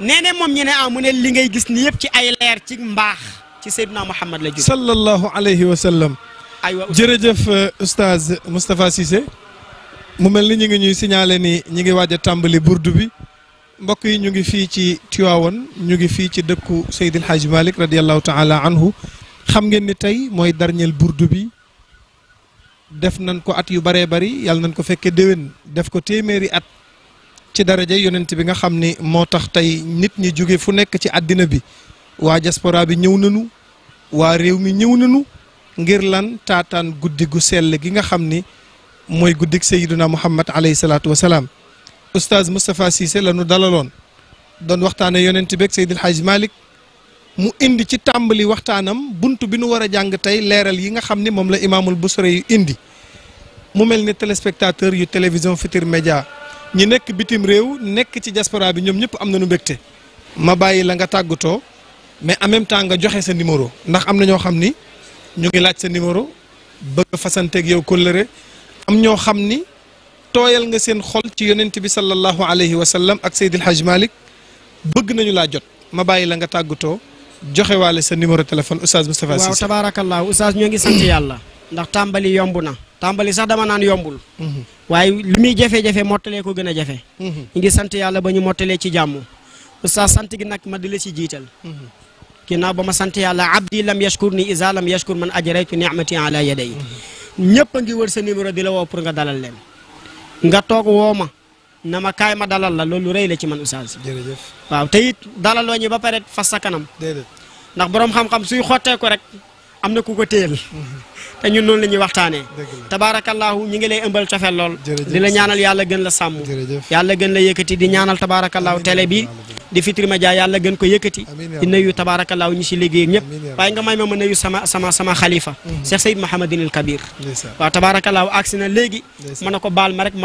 nee moom ñu ne ah mu ne li ngay gis ni yëpp ci ay leer ci mbaax ci Seydina Muhammad la jóge sallallahu alayhi wa sallam aywa jërëjëf oustaz Moustapha Cissé mu mel ni ñu ngi ñuy signalé ni ñu ngi waaj a tàmbali burdu bi mbokk yi ñu ngi fii ci Tiwaawoon ñu ngi fii ci dëkku Seydil Hadj Malick radiallahu taala anhu xam ngeen ni tey mooy dernier burdu bi def nañ ko at yu bëree bëri yàlla nañ ko fekkee déwén def ko téeméeri at ci daraja yonent bi nga xam ni moo tax tey nit ñi jóge fu nekk ci àddina bi waa diaspora bi ñëw nañu waa réew mi ñëw nañu ngir lan taataan guddi gu sell gi nga xam ni mooy guddik Seydina Muhammad alayhi salaatu wa salaam oustaz Moustapha la ñu dalaloon doon waxtaanee yonent bi ak Seydil Hadj Malick mu indi ci tàmbali waxtaanam bunt bi nu war a jàng tey leeral yi nga xam ni moom la imaamul Busra yu indi mu mel ni téléspectateur yu télévision Futurs Médias ñi nekk bitim réew nekk ci diaspora bi ñoom ñëpp am nañu mbégte ma bàyyi la nga tàggatoo mais en même temps nga joxe sa numéro ndax am na ñoo xam ni ñu ngi laaj sa numéro bëgg yow kóllëre am ñoo xam ni tooyal nga seen xol ci yonent bi sallallahu alayhi wa sallam ak Seydil Hadj bëgg nañu laa jot ma bàyyi la nga tàggatoo joxe waale sa numéro téléphone Oustaz Moustapha Cissé waaw tabaarakallaa Oustaz ñoo ngi sant yàlla ndax tàmbali yomb na. tàmbali sax dama naan yombul. Mhm. waaye li muy jafe-jafe mottalee ko gën a jafe. Mhm. ñu sant yàlla ba ñu mottalee ci jàmm. oustaz sant gi nag ma di la ci jiital. Mhm. ginnaaw ba ma sant yàlla abdi lam yashkur ni isa lam yashkur man ajaraytu ni'mati ala yaday ñëpp a ngi wër sa numéro di la woo pour nga toog woo ma. na ma kaay ma dalal la loolu rëy la ci man oustaz. jërëjëf waaw te it dalaloo ñu ba pare fas sa kanam. déedéet ndax borom xam-xam suy xotteeku rek am na ku ko téyel. te ñun noonu la ñuy waxtaanee tabaarakallaahu ñi ngi lay ëmbal cofeel lool di la ñaanal yàlla gën la sàmm yàlla gën la yëkkati di ñaanal tabaarakallaahu télé bi di Fitri Media yàlla gën ko yëkkati di nuyu tabaarakallaahu ñi si liggéey ñëpp waaye nga may ma ma nuyu sama sama sama xalifa mhm. Cheikh Seyd Mahamadinil Kabir waaw tabaarakallaahu agsi na léegi mën na ko baal ma rek